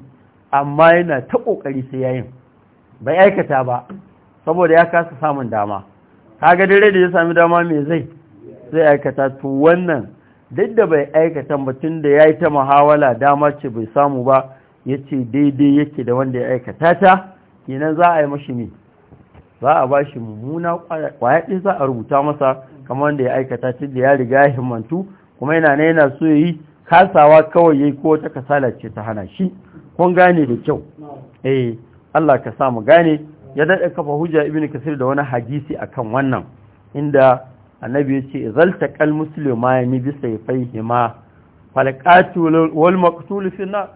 amma yana ta ƙoƙari sai yayin bai aikata ba saboda ya kasa samun dama kaga dare da ya sami dama me zai zai aikata to wannan duk da bai aikata mutum da ya yi ta muhawala dama ce bai samu ba ya ce daidai yake da wanda ya aikata ta kenan za a yi mashi ne za a ba shi mummuna kwayaɗi za a rubuta masa kamar wanda ya aikata tun da ya riga ya himmantu kuma yana na yana so ya yi kasawa kawai ya yi ko wata kasala ce ta hana shi kun gane da kyau eh Allah ka sa mu gane ya daɗa kafa hujja ibn kasir da wani hadisi akan wannan inda annabi ya ce zalta kal musulmani bi ma falqatu wal maqtul fi na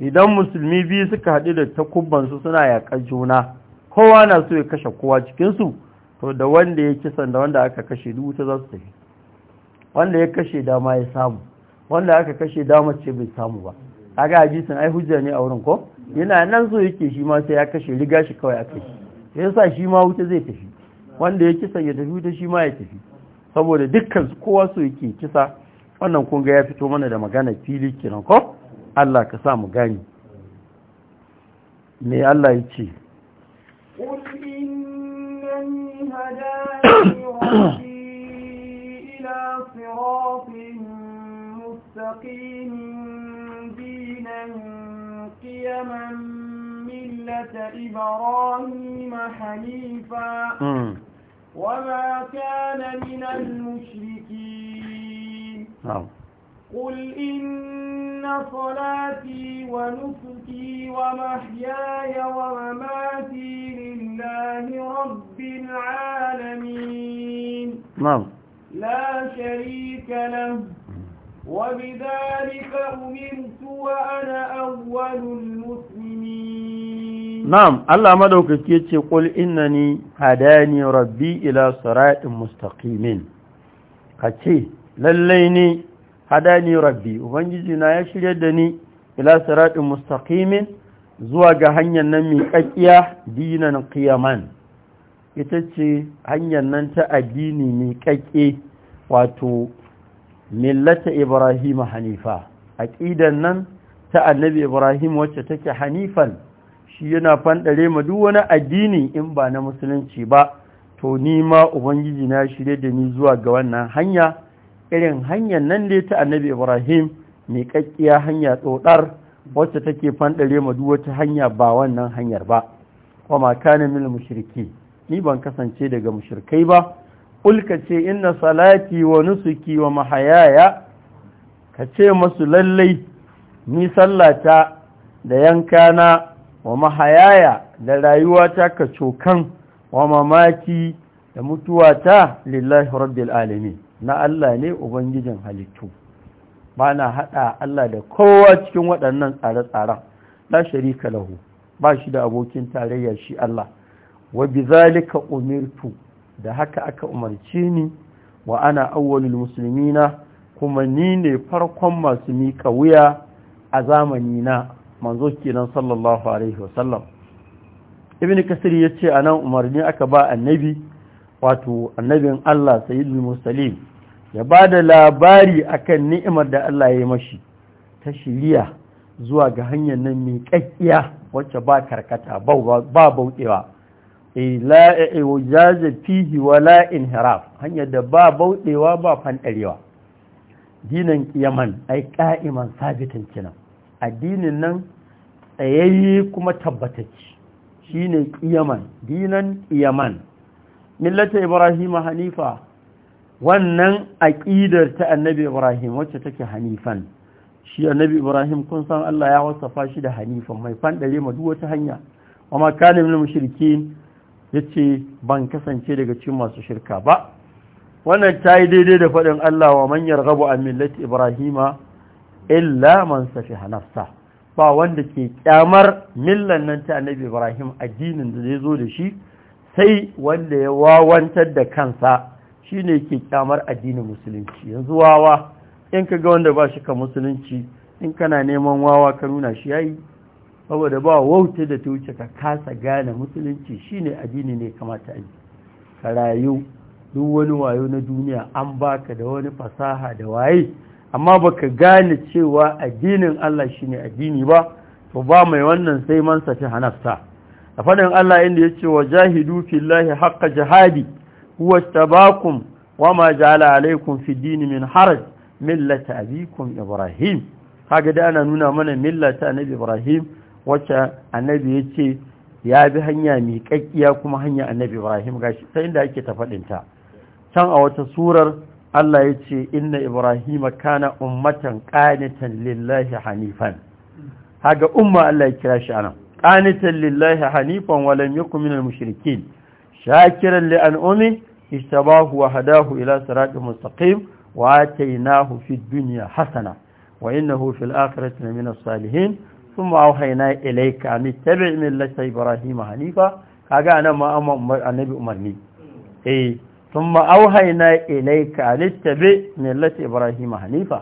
idan musulmi biyu suka hadu da takubban su suna yaƙa juna kowa na so ya kashe kowa cikin su to da wanda ya kisan da wanda aka kashe duk za su tafi wanda ya kashe dama ya samu wanda aka kashe dama ce bai samu ba kaga hadisin ai hujja ne a wurin ko yana nan so yake shi ma sai ya kashe riga shi kawai aka yi yasa shi ma wuta zai tafi wanda ya kisa ya tafi ta shi ma ya tafi saboda dukkan kowa so yake kisa wannan kun ya fito mana da magana fili kiran ko Allah ka sa mu gani me Allah ya ce إلى صراط وما كان من المشركين نعم قل إن صلاتي ونسكي ومحياي ومماتي لله رب العالمين نعم لا شريك له وبذلك أمرت وأنا أول المسلمين na'am Allah madaukaki yace qul innani hadani rabbi ila mustaƙimin. Ka kace lallai ne hadani rabbi ubangiji na ya shirya da ni ila siratin mustaƙimin zuwa ga hanyar nan mai kakkiya dinan qiyaman ita ce hanyar nan ta addini mai wato millata ibrahim hanifa aqidan nan ta annabi ibrahim wacce take hanifan shi yana fanɗare ma duk wani addini in ba na musulunci ba to ni ma ubangiji na shirye da ni zuwa ga wannan hanya irin hanyar nan dai ta annabi ibrahim mai kakkiya hanya tsodar wacce take fanɗare ma duk wata hanya ba wannan hanyar ba wa ma kana min mushriki ni ban kasance daga mushrikai ba ulka ce inna salati wa nusuki wa mahayaya ka ce masu lallai ni sallata da yankana wa mahayaya da rayuwata ka cokan wa mamaki da mutuwata lillahi rabbil alami na Allah ne ubangijin halittu ba na haɗa Allah da kowa cikin waɗannan tsare-tsaren la sharika lahu ba shi da abokin tarayya shi Allah wa bizalika umirtu da haka aka umarci ni wa ana awwalul muslimina kuma ni ne farkon masu mika wuya a zamani na manzo kenan sallallahu alaihi wasallam ibn kasir ya ce a nan umarni aka ba annabi wato annabin Allah sayyidul musalim ya ba da labari akan ni'imar da Allah ya yi mashi ta shiriya zuwa ga hanyar nan mai kakkiya wacce ba karkata ba bauɗewa ila'iwajaza e, e, e, fihi wala inhiraf hanyar da ba bauɗewa ba fanɗarewa dinan yaman ai ka'iman sabitan kinan addinin nan tsayayye kuma tabbatacci ne ƙiyaman. dinan ƙiyaman. millata ibrahim hanifa wannan aƙidar ta annabi ibrahim wacce take hanifan shi annabi ibrahim kun san Allah ya wasafa shi da hanifan mai fandare ma duk wata hanya makanin na mashirki Ya ce ban kasance daga cikin masu shirka ba wannan ta yi daidai da faɗin Allah wa manyan yarghabu a millata ibrahima illa man safiha nafsa ba wanda ke kyamar millan nan ta annabi Ibrahim addinin da zai zo da shi sai wanda ya wawantar da kansa shine ke kyamar addinin musulunci yanzu wawa in ka ga wanda ba shi ka musulunci in kana neman wawa ka nuna shi yayi saboda ba wauta da ta ka kasa gane musulunci shine addini ne kamata yi ka rayu duk wani wayo na duniya an baka da wani fasaha da waye amma baka gane cewa addinin Allah shine addini ba to ba mai wannan sai man sace hanafta a faɗin Allah inda yace jahidu fillahi haƙa jihadi huwa tabakum ma ja'ala alaykum fi dini min haraj millata abikum ibrahim kaga da ana nuna mana millata annabi ibrahim wacce annabi yace ya bi hanya miƙaƙƙiya kuma hanya annabi ibrahim gashi ta inda ake ta faɗinta can a wata surar Allah ya ce inna Ibrahim kana ummatan qanitan lillahi hanifan haga umma Allah ya kira shi anan qanitan lillahi hanifan wa lam yakun minal mushrikeen shakiran li an'ami istabahu wa hadahu ila siratin mustaqim wa atainahu fid dunya hasana wa innahu fil akhirati minas salihin thumma awhayna ilayka an tabi' millata Ibrahim hanifa kaga anan ma amma annabi umarni eh ثم أوهينا إليك أن اتبع ملة إبراهيم حنيفا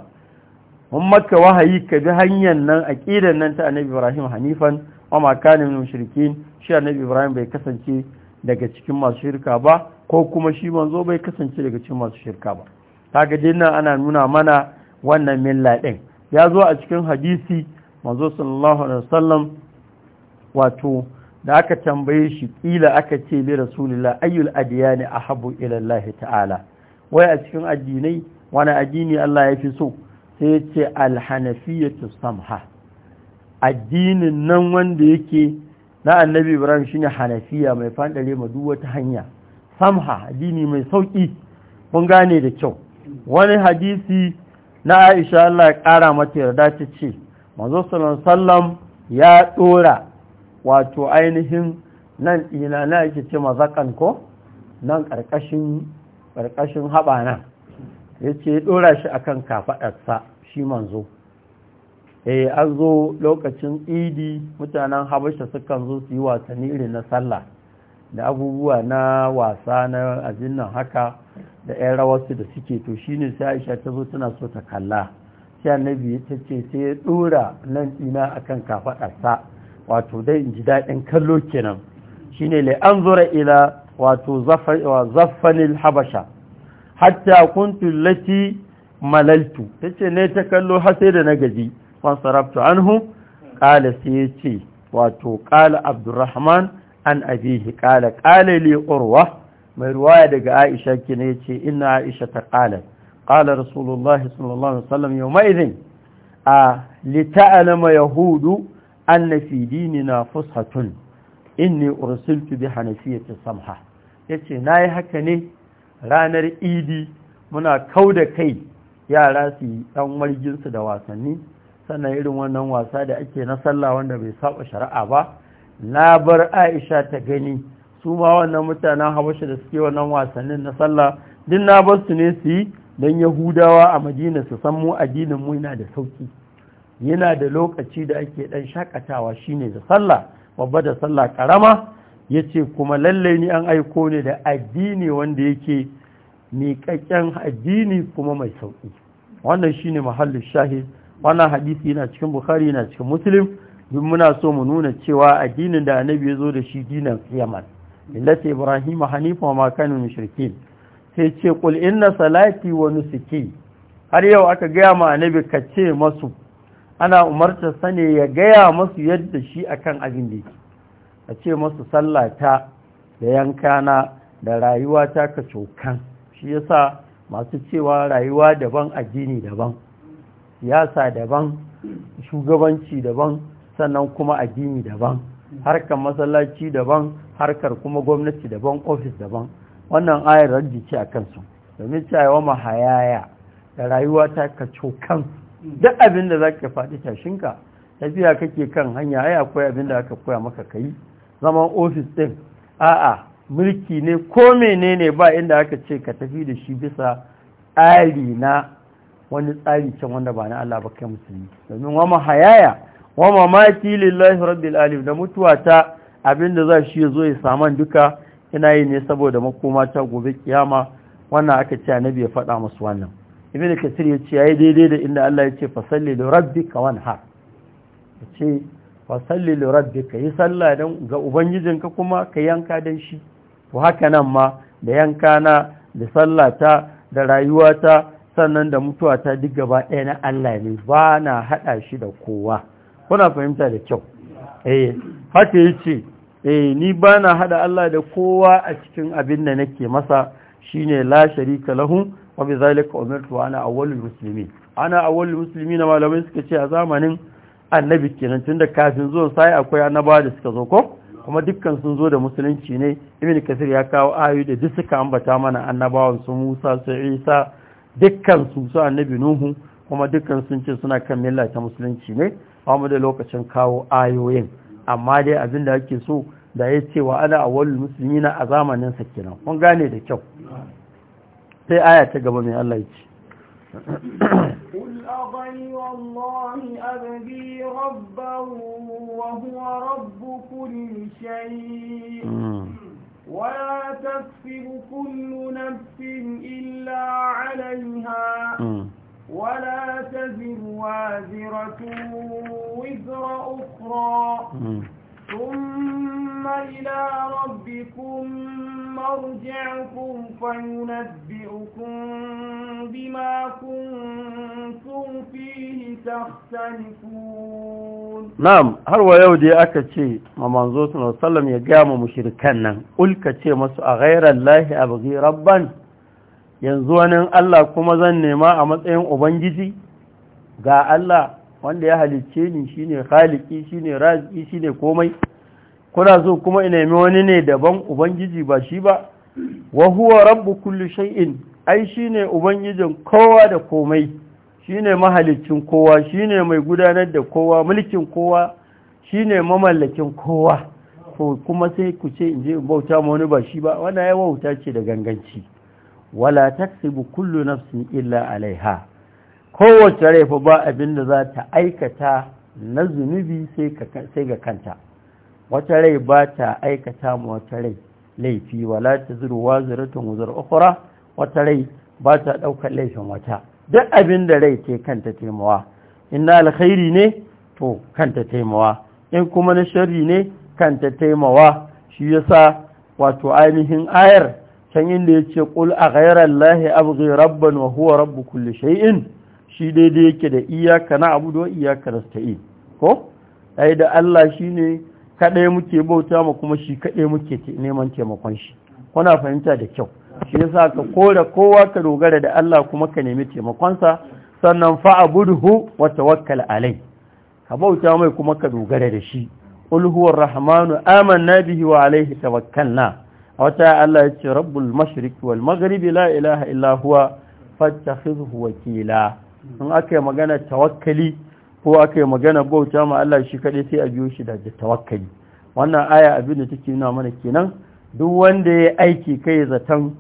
هم مكة وهي كجهنيا نن أكيدا ننت النبي Hanifan. حنيفا وما كان من المشركين شيء Ibrahim bai kasance daga cikin masu shirka ba ko kuma shi manzo bai kasance daga cikin masu shirka ba kaga dinna ana nuna mana wannan milla din ya zo a cikin hadisi manzo sallallahu alaihi wasallam wato da aka tambaye shi ƙila aka ce li rasulullah ayyul adiyani ahabu ila Allah ta'ala wai a cikin addinai wani addini Allah ya fi so sai yace ce alhanafiyatu samha addinin nan wanda yake na annabi ibrahim shine hanafiya mai fandare ma duk wata hanya samha addini mai sauki kun gane da kyau wani hadisi na aisha Allah ya kara mata yarda ta ce manzo sallallahu alaihi wasallam ya dora wato ainihin nan ina na yake ce mazakan ko nan ƙarƙashin haɓana nan ya ce ɗora shi akan kafaɗarsa shi manzo eh an zo lokacin idi mutanen habasha sukan zo su yi wasanni irin na sallah da abubuwa na wasa na ajinnan haka da 'yan rawarsu da suke to shi ne sai aisha ta zo tana so ta kalla sai annabi ya ce sai ya dora nan dina akan kafadarsa wato dai in ji daɗin kallo kenan shine an zura ila wato zaffanin habasha hatta kuntu lati malaltu Ta ce ne ta kallo har da na gaji fa sarabtu anhu ƙala sai ce. wato ƙala abdurrahman an abihi Ƙala ƙala li mai ruwaya daga aisha kina ce ina aisha ta ƙala. Ƙala rasulullahi sallallahu alaihi wasallam yau ma'izin a lita'alama yahudu anna fi dinina fushatun inni ursiltu bi hanafiyati samha yace nayi haka ne ranar idi muna kauda kai yara su dan wargin su da wasanni sannan irin wannan wasa da ake na sallah wanda bai saba shari'a ba na bar Aisha ta gani su ma wannan mutanen Habasha da suke wannan wasannin na sallah din na bar su ne su yi dan Yahudawa a Madina su san mu addinin mu yana da sauki yana da lokaci da ake ɗan shakatawa shine da sallah babba da sallah karama yace kuma lallai ni an aiko ne da addini wanda yake miƙaƙƙen addini kuma mai sauƙi wannan shine mahallin shahid wannan hadisi yana cikin bukhari yana cikin muslim duk muna so mu nuna cewa addinin da annabi ya zo da shi dinan yaman millati ibrahim hanifa wa ma kanu mushrikin sai ce qul inna salati wa nusuki har yau aka gaya ma annabi ka ce masu ana umarta sane ya gaya masu yadda shi akan abin da yake a ce masu sallata da yankana da rayuwa ta ka cokan shi yasa masu cewa rayuwa daban addini daban siyasa daban shugabanci daban sannan kuma addini daban harkar masallaci daban harkar kuma gwamnati daban ofis daban wannan ayar rajji ce a kansu domin cewa mahayaya da rayuwa ta ka cokan duk abin da za ka faɗi tashinka tafiya kake kan hanya ai akwai abin da aka koya maka ka yi zaman ofis ɗin a'a mulki ne ko menene ba inda aka ce ka tafi da shi bisa tsari na wani tsari can wanda ba na Allah ba kai musulmi domin wama hayaya wama mati lillahi rabbil alamin da mutuwa ta abinda za shi zo ya saman duka ina yi ne saboda makoma ta gobe kiyama wannan aka ce annabi ya faɗa musu wannan ibn kasir ya ce yayi daidai da inda Allah ya ce fasalli li rabbika wanhar ya ce fasalli li rabbika yi sallah dan ga Ubangijin ka kuma ka yanka dan shi to haka nan ma da yanka na da sallata da rayuwata sannan da mutuwata duk gaba ɗaya na Allah ne ba na haɗa shi da kowa kuna fahimta da kyau eh haka yace eh ni ba na haɗa Allah da kowa a cikin abin da nake masa shine la sharika lahu wabi bi zalika umirtu ana awwalul muslimin ana awwalul muslimin malamai suka ce a zamanin annabi kenan tunda kafin zuwa sai akwai annaba da suka zo ko kuma dukkan sun zo da musulunci ne ibn kasir ya kawo ayoyi da duk suka ambata mana annabawan su Musa su Isa dukkan su su annabi Nuhu kuma dukkan sun ce suna kan milla ta musulunci ne amma mu da lokacin kawo ayoyin amma dai abin da ake so da ya ce wa ana awwalul muslimina a zamanin sa kenan kun gane da kyau sai aya ta gaba mai Allah yake قل أغير الله أبدي ربا وهو رب كل شيء ولا تكسب كل نفس إلا عليها ولا تزر وازرة وزر أخرى ثم إلى ربكم مرجعكم فينبئكم بما كنتم فيه تختلفون نعم هل ويودي أكتشي ما منظور صلى الله عليه وسلم يقام مشركنا قل كتشي مسوء غير الله أبغي ربا yanzu wani Allah kuma zan nema a matsayin Ubangiji ga Allah wanda ya halicce ni shine khaliki shine raziki shine komai kuna so kuma ina mai wani ne daban ubangiji ba shi ba wa huwa rabbu kulli shay'in ai shine ubangijin kowa da komai shine mahaliccin kowa shine mai gudanar da kowa mulkin kowa shine mamallakin kowa to kuma sai ku ce in je bauta ma wani ba shi ba wannan ya wauta ce da ganganci wala taksibu kullu nafsin illa alaiha kowace rai fa ba abin da za ta aikata na zunubi sai ga kanta wata rai ba ta aikata ma wata rai laifi wala ta zuruwa zuratun wuzar ukura wata rai ba ta ɗaukar laifin wata duk abin da rai ce kanta taimawa in na alkhairi ne to kanta taimawa in kuma na shari ne kanta taimawa shi yasa wato ainihin ayar can inda ya ce ƙul a ghairar lahi abu rabban wa huwa rabbu kulli shay'in shi daidai yake da iyaka na abu da iyaka ko ai da Allah shine kadai muke bauta ma kuma shi kadai muke neman taimakon shi kuna fahimta da kyau shi yasa ka kora kowa ka dogara da Allah kuma ka nemi taimakon sa sannan fa'budhu wa tawakkal alai ka bauta mai kuma ka dogara da shi qul huwar rahmanu amanna bihi wa alaihi tawakkalna wata Allah yace rabbul mashriqi wal maghribi la ilaha illa huwa fattakhidhu wakila in aka yi magana tawakkali ko aka yi magana bauta ma Allah shi kaɗai sai a biyo shi da tawakkali wannan aya abin da take nuna mana kenan duk wanda ya aiki kai zaton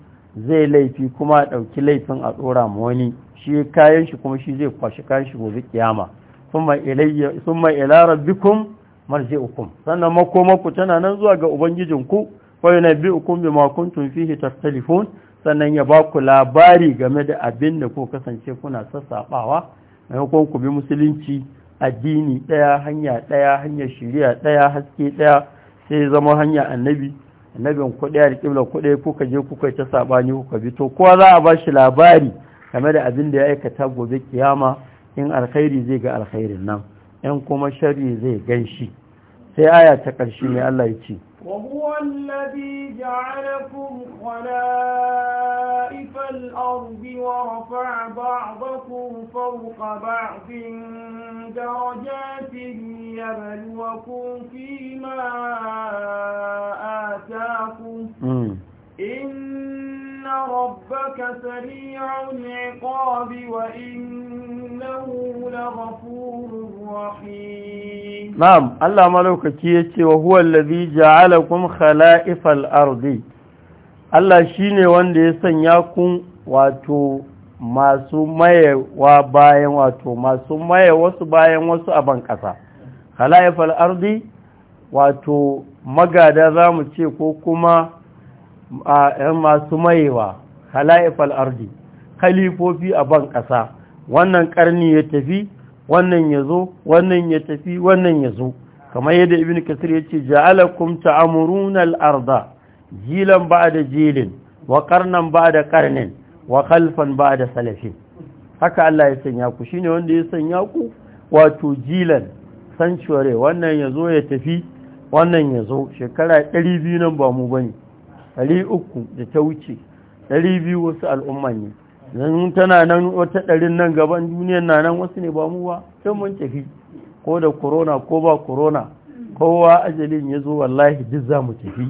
zai laifi kuma a ɗauki laifin a tsora ma wani shi kayan shi kuma shi zai kwashi kayan shi gobe kiyama ilara ila rabbikum ukum sannan makomaku tana nan zuwa ga ubangijinku wa bi bima kuntum fihi tastalifun sannan ya ba ku labari game da abin da ku kasance kuna sassaɓawa maimakon ku bi musulunci addini ɗaya hanya ɗaya hanya shirya ɗaya haske ɗaya sai zama hanya annabi annabin ku ɗaya da ƙibla ku ɗaya kuka je kuka ta saɓani kuka bi to kowa za a ba shi labari game da abin da ya aikata gobe kiyama in alkhairi zai ga alkhairin nan in kuma shari zai gan shi sai aya ta ƙarshe mai Allah ya ce وهو الذي جعلكم خلائف الأرض ورفع بعضكم فوق بعض درجات ليبلوكم فيما آتاكم إن ربك سريع العقاب وإنه لغفور رحيم نعم الله ملوك كيتي وهو الذي جعلكم خلائف الأرض Allah shi ne wanda ya sanya kun wato masu mayewa bayan wato masu maye wasu bayan wasu a ban ƙasa. Hala'ifal ardi wato magada za mu ce ko kuma masu mayewa khala'ifal ardi kalifofi a ban ƙasa wannan ƙarni ya tafi wannan ya zo wannan ya tafi wannan ya zo kamar yadda ibn kasir ya ce ja'alakum ta'amuruna al-arda jilan da jilin wa ƙarnan ba da ƙarnin, wa kalfan ba da salafin haka Allah ya sanya ku shine wanda ya sanya ku wato jilan sanctuary wannan ya zo ya tafi wannan ya zo shekara 200 nan ba mu bane ɗari uku da ta wuce ɗari biyu wasu al'umma ne zan tana nan wata ɗarin nan gaban duniyar na nan wasu ne ba mu ba can mun tafi ko da korona ko ba korona kowa ajalin ya zo wallahi duk za mu tafi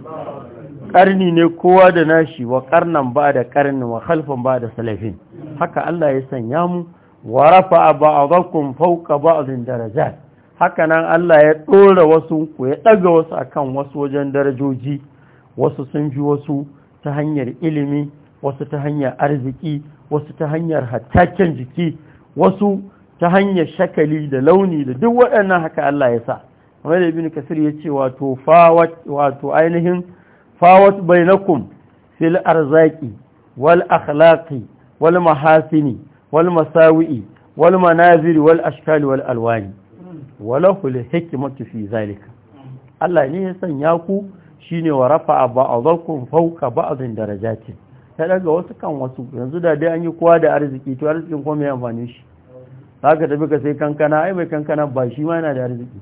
ƙarni ne kowa da nashi wa ƙarnan ba da ƙarni wa halfan ba da salafin haka Allah ya sanya mu wa rafa ba'dakum fawqa ba'din darajat haka nan Allah ya ɗora wasu ku ya ɗaga wasu akan wasu wajen darajoji wasu sun ji wasu ta hanyar ilimi wasu ta hanyar arziki wasu ta hanyar hattaken jiki wasu ta hanyar shakali da launi da duk waɗannan haka Allah ya sa kamar da ibn kasir ya ce wato fawat wato ainihin fawat bainakum fil arzaki wal akhlaqi wal mahasini wal masawi'i wal manaziri wal ashkali wal alwani walahu al hikmatu fi zalika Allah ne ya sanya ku Shi ne wa rafa'a ba'dakum fawqa ba'dhin darajatin ta daga wasu kan wasu yanzu da dai an yi kowa da arziki to arzikin kuma ya amfani shi Za ka tafi ka sai kankana ai mai kankana ba shi ma yana da arziki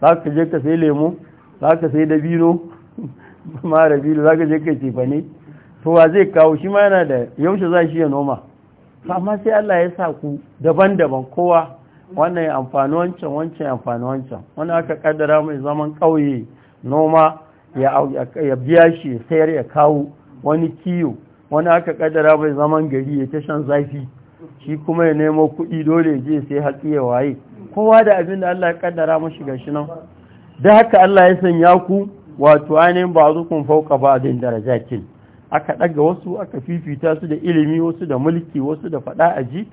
ka je ka sai lemo ka sai dabino ma dabino ka je ka cifa ne to wa zai kawo shi ma yana da yaushe za shi ya noma amma sai Allah ya sa ku daban-daban kowa wannan ya amfani wancan wancan ya amfani wancan wani aka kaddara mai zaman ƙauye noma ya biya shi ya sayar ya kawo wani kiyo wani aka kadara bai zaman gari ya tashan zafi shi kuma ya nemo kuɗi dole je sai hatsi ya waye kowa da abin da Allah ya kadara mashi gashi nan da haka Allah ya sanya ku wato ainihin ba kun fauka ba abin kin aka daga wasu aka fifita su da ilimi wasu da mulki wasu da faɗa aji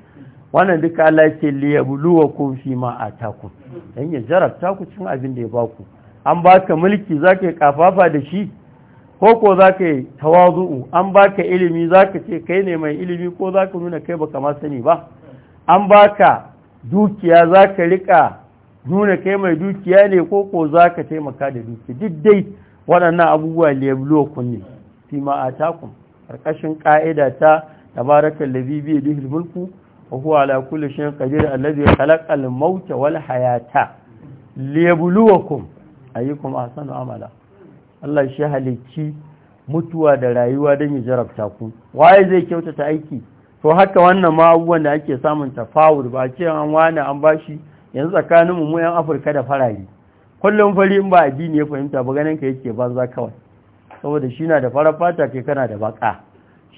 wannan duka Allah ya ce liyabluwakum fi ma atakum dan ya jarabta ku cin abin da ya baku an baka mulki za ka yi kafafa da shi ko ko za ka yi tawazu'u an baka ilimi za ka ce kai ne mai ilimi ko za ka nuna kai baka ma sani ba an baka dukiya za ka rika nuna kai mai dukiya ne ko ko za ka taimaka da dukiya duk dai waɗannan abubuwa leblo kunne fi ma'atakun ƙarƙashin ƙa'ida ta tabarakan labibi duhil mulku wa huwa ala kulli shay'in qadir allazi khalaqa al-mauta wal hayata liyabluwakum ayyukum ahsanu amala Allah shi halicci mutuwa da rayuwa don ya jarabta ku waye zai kyautata aiki to haka wannan ma abubuwan da ake samun tafawur ba ce an wani an bashi yanzu tsakanin mu yan Afirka da farari kullum fari in ba addini ya fahimta ba ganin ka yake ba banza kawai saboda shi na da farar fata kai kana da baka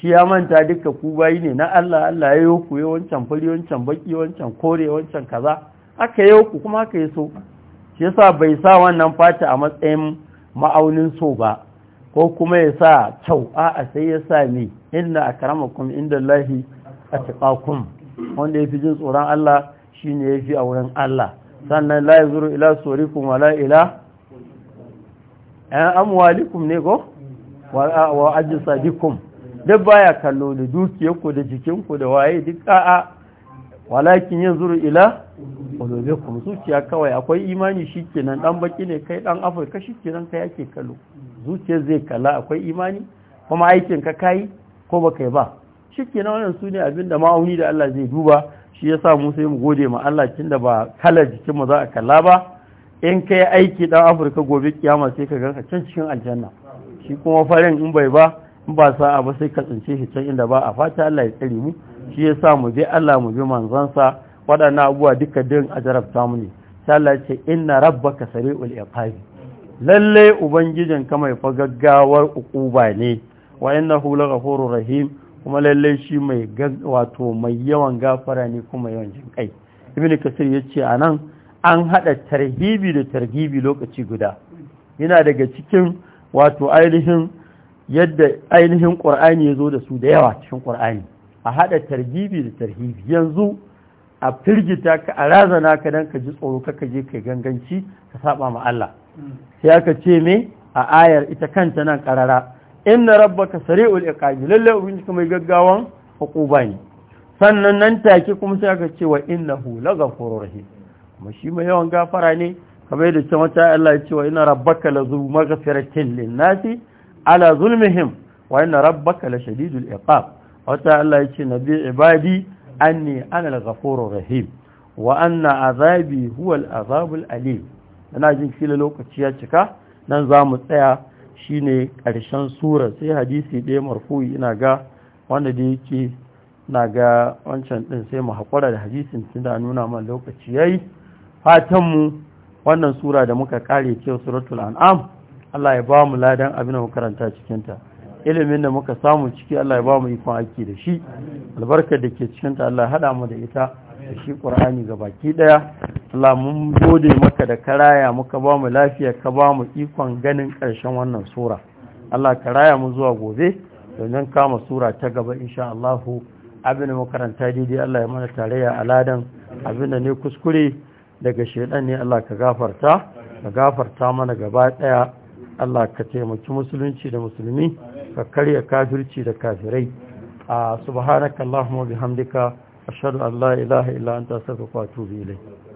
shi ya manta duka ku bayi ne na Allah Allah ya yi ku wancan fari wancan baki wancan kore wancan kaza aka yi ku kuma aka yi so shi yasa bai sa wannan fata a matsayin ma'aunin so ba ko kuma ya sa kyau a sai ya sa ne inda lahi a atqakum wanda ya fi jin tsoron Allah shi ne ya fi a wurin Allah sannan la zuru ila kuma wala ila eh, amwalikum ne ko wa ajsadikum duk baya kallo da dukiyarku da jikinku da waye duk a'a walakin zuru ila kuma zuciya kawai akwai imani shikenan ɗan baki ne kai ɗan afirka shikenan kai yake kallo zuciya zai kala akwai imani kuma aikin ka kayi ko ba kai ba shikenan wannan sune da ma'auni da Allah zai duba shi yasa Musa yi mu gode ma Allah cin da ba kalar jikin mu za a kalla ba in ka yi aiki ɗan afirka gobe kiyama sai ka ganka can cikin aljanna shi kuma farin in bai ba in ba sa'a ba sai ka tsince shi can inda ba a fata Allah ya tsare mu shi ya sa mu bi Allah mu bi manzansa waɗannan abubuwa duka din a jarabta mu ne sai Allah ce inna rabbaka sari'ul iqabi lalle ubangijin ka mai fagaggawar ukuba ne wa innahu laghafurur rahim kuma lalle shi mai wato mai yawan gafara ne kuma yawan jinkai ibnu kasir yace anan an haɗa tarhibi da targibi lokaci guda yana daga cikin wato ainihin yadda ainihin qur'ani yazo da su da yawa cikin qur'ani a haɗa targibi da tarhibi yanzu a firgita ka a razana ka dan ka ji tsoro ka je kai ganganci ka saba ma Allah sai aka ce me a ayar ita kanta nan karara inna rabbaka sari'ul iqabi lalle ubin ka mai gaggawan hukuba ne sannan nan take kuma sai aka ce wa innahu laghafurur rahim kuma shi mai yawan gafara ne kamar yadda ce wata Allah ya ce wa inna rabbaka lazu maghfiratin lin-nasi ala zulmihim wa inna rabbaka shadidul iqab wata Allah ya ce nabi ibadi anni ana al rahim wa anna azabi huwa al-azabul alim ina jin kila lokaci ya cika nan za mu tsaya shine ƙarshen sura sai hadisi ɗaya marfu'i ina ga wanda da yake na ga wancan ɗin sai mu haƙura da hadisin tunda nuna man lokaci yayi fatan mu wannan sura da muka kare cewa suratul an'am Allah ya ba mu ladan abin da muka karanta cikinta ilimin da muka samu ciki Allah ya ba mu ikon aiki da shi albarka da ke cikinta Allah haɗa mu da ita da shi ƙur'ani ga baki ɗaya Allah mun gode maka da karaya muka ba mu lafiya ka ba mu ikon ganin ƙarshen wannan sura Allah ka raya mu zuwa gobe domin kama sura ta gaba insha Allah abin da makaranta daidai Allah ya mana tarayya a ladan abin da ne kuskure daga shaidan ne Allah ka gafarta ka gafarta mana gaba ɗaya Allah ka taimaki musulunci da musulmi ka karya kafirci da kafirai a subhanakallahumma bihamdika ashhadu an la ilaha illa anta astaghfiruka wa atubu ilayk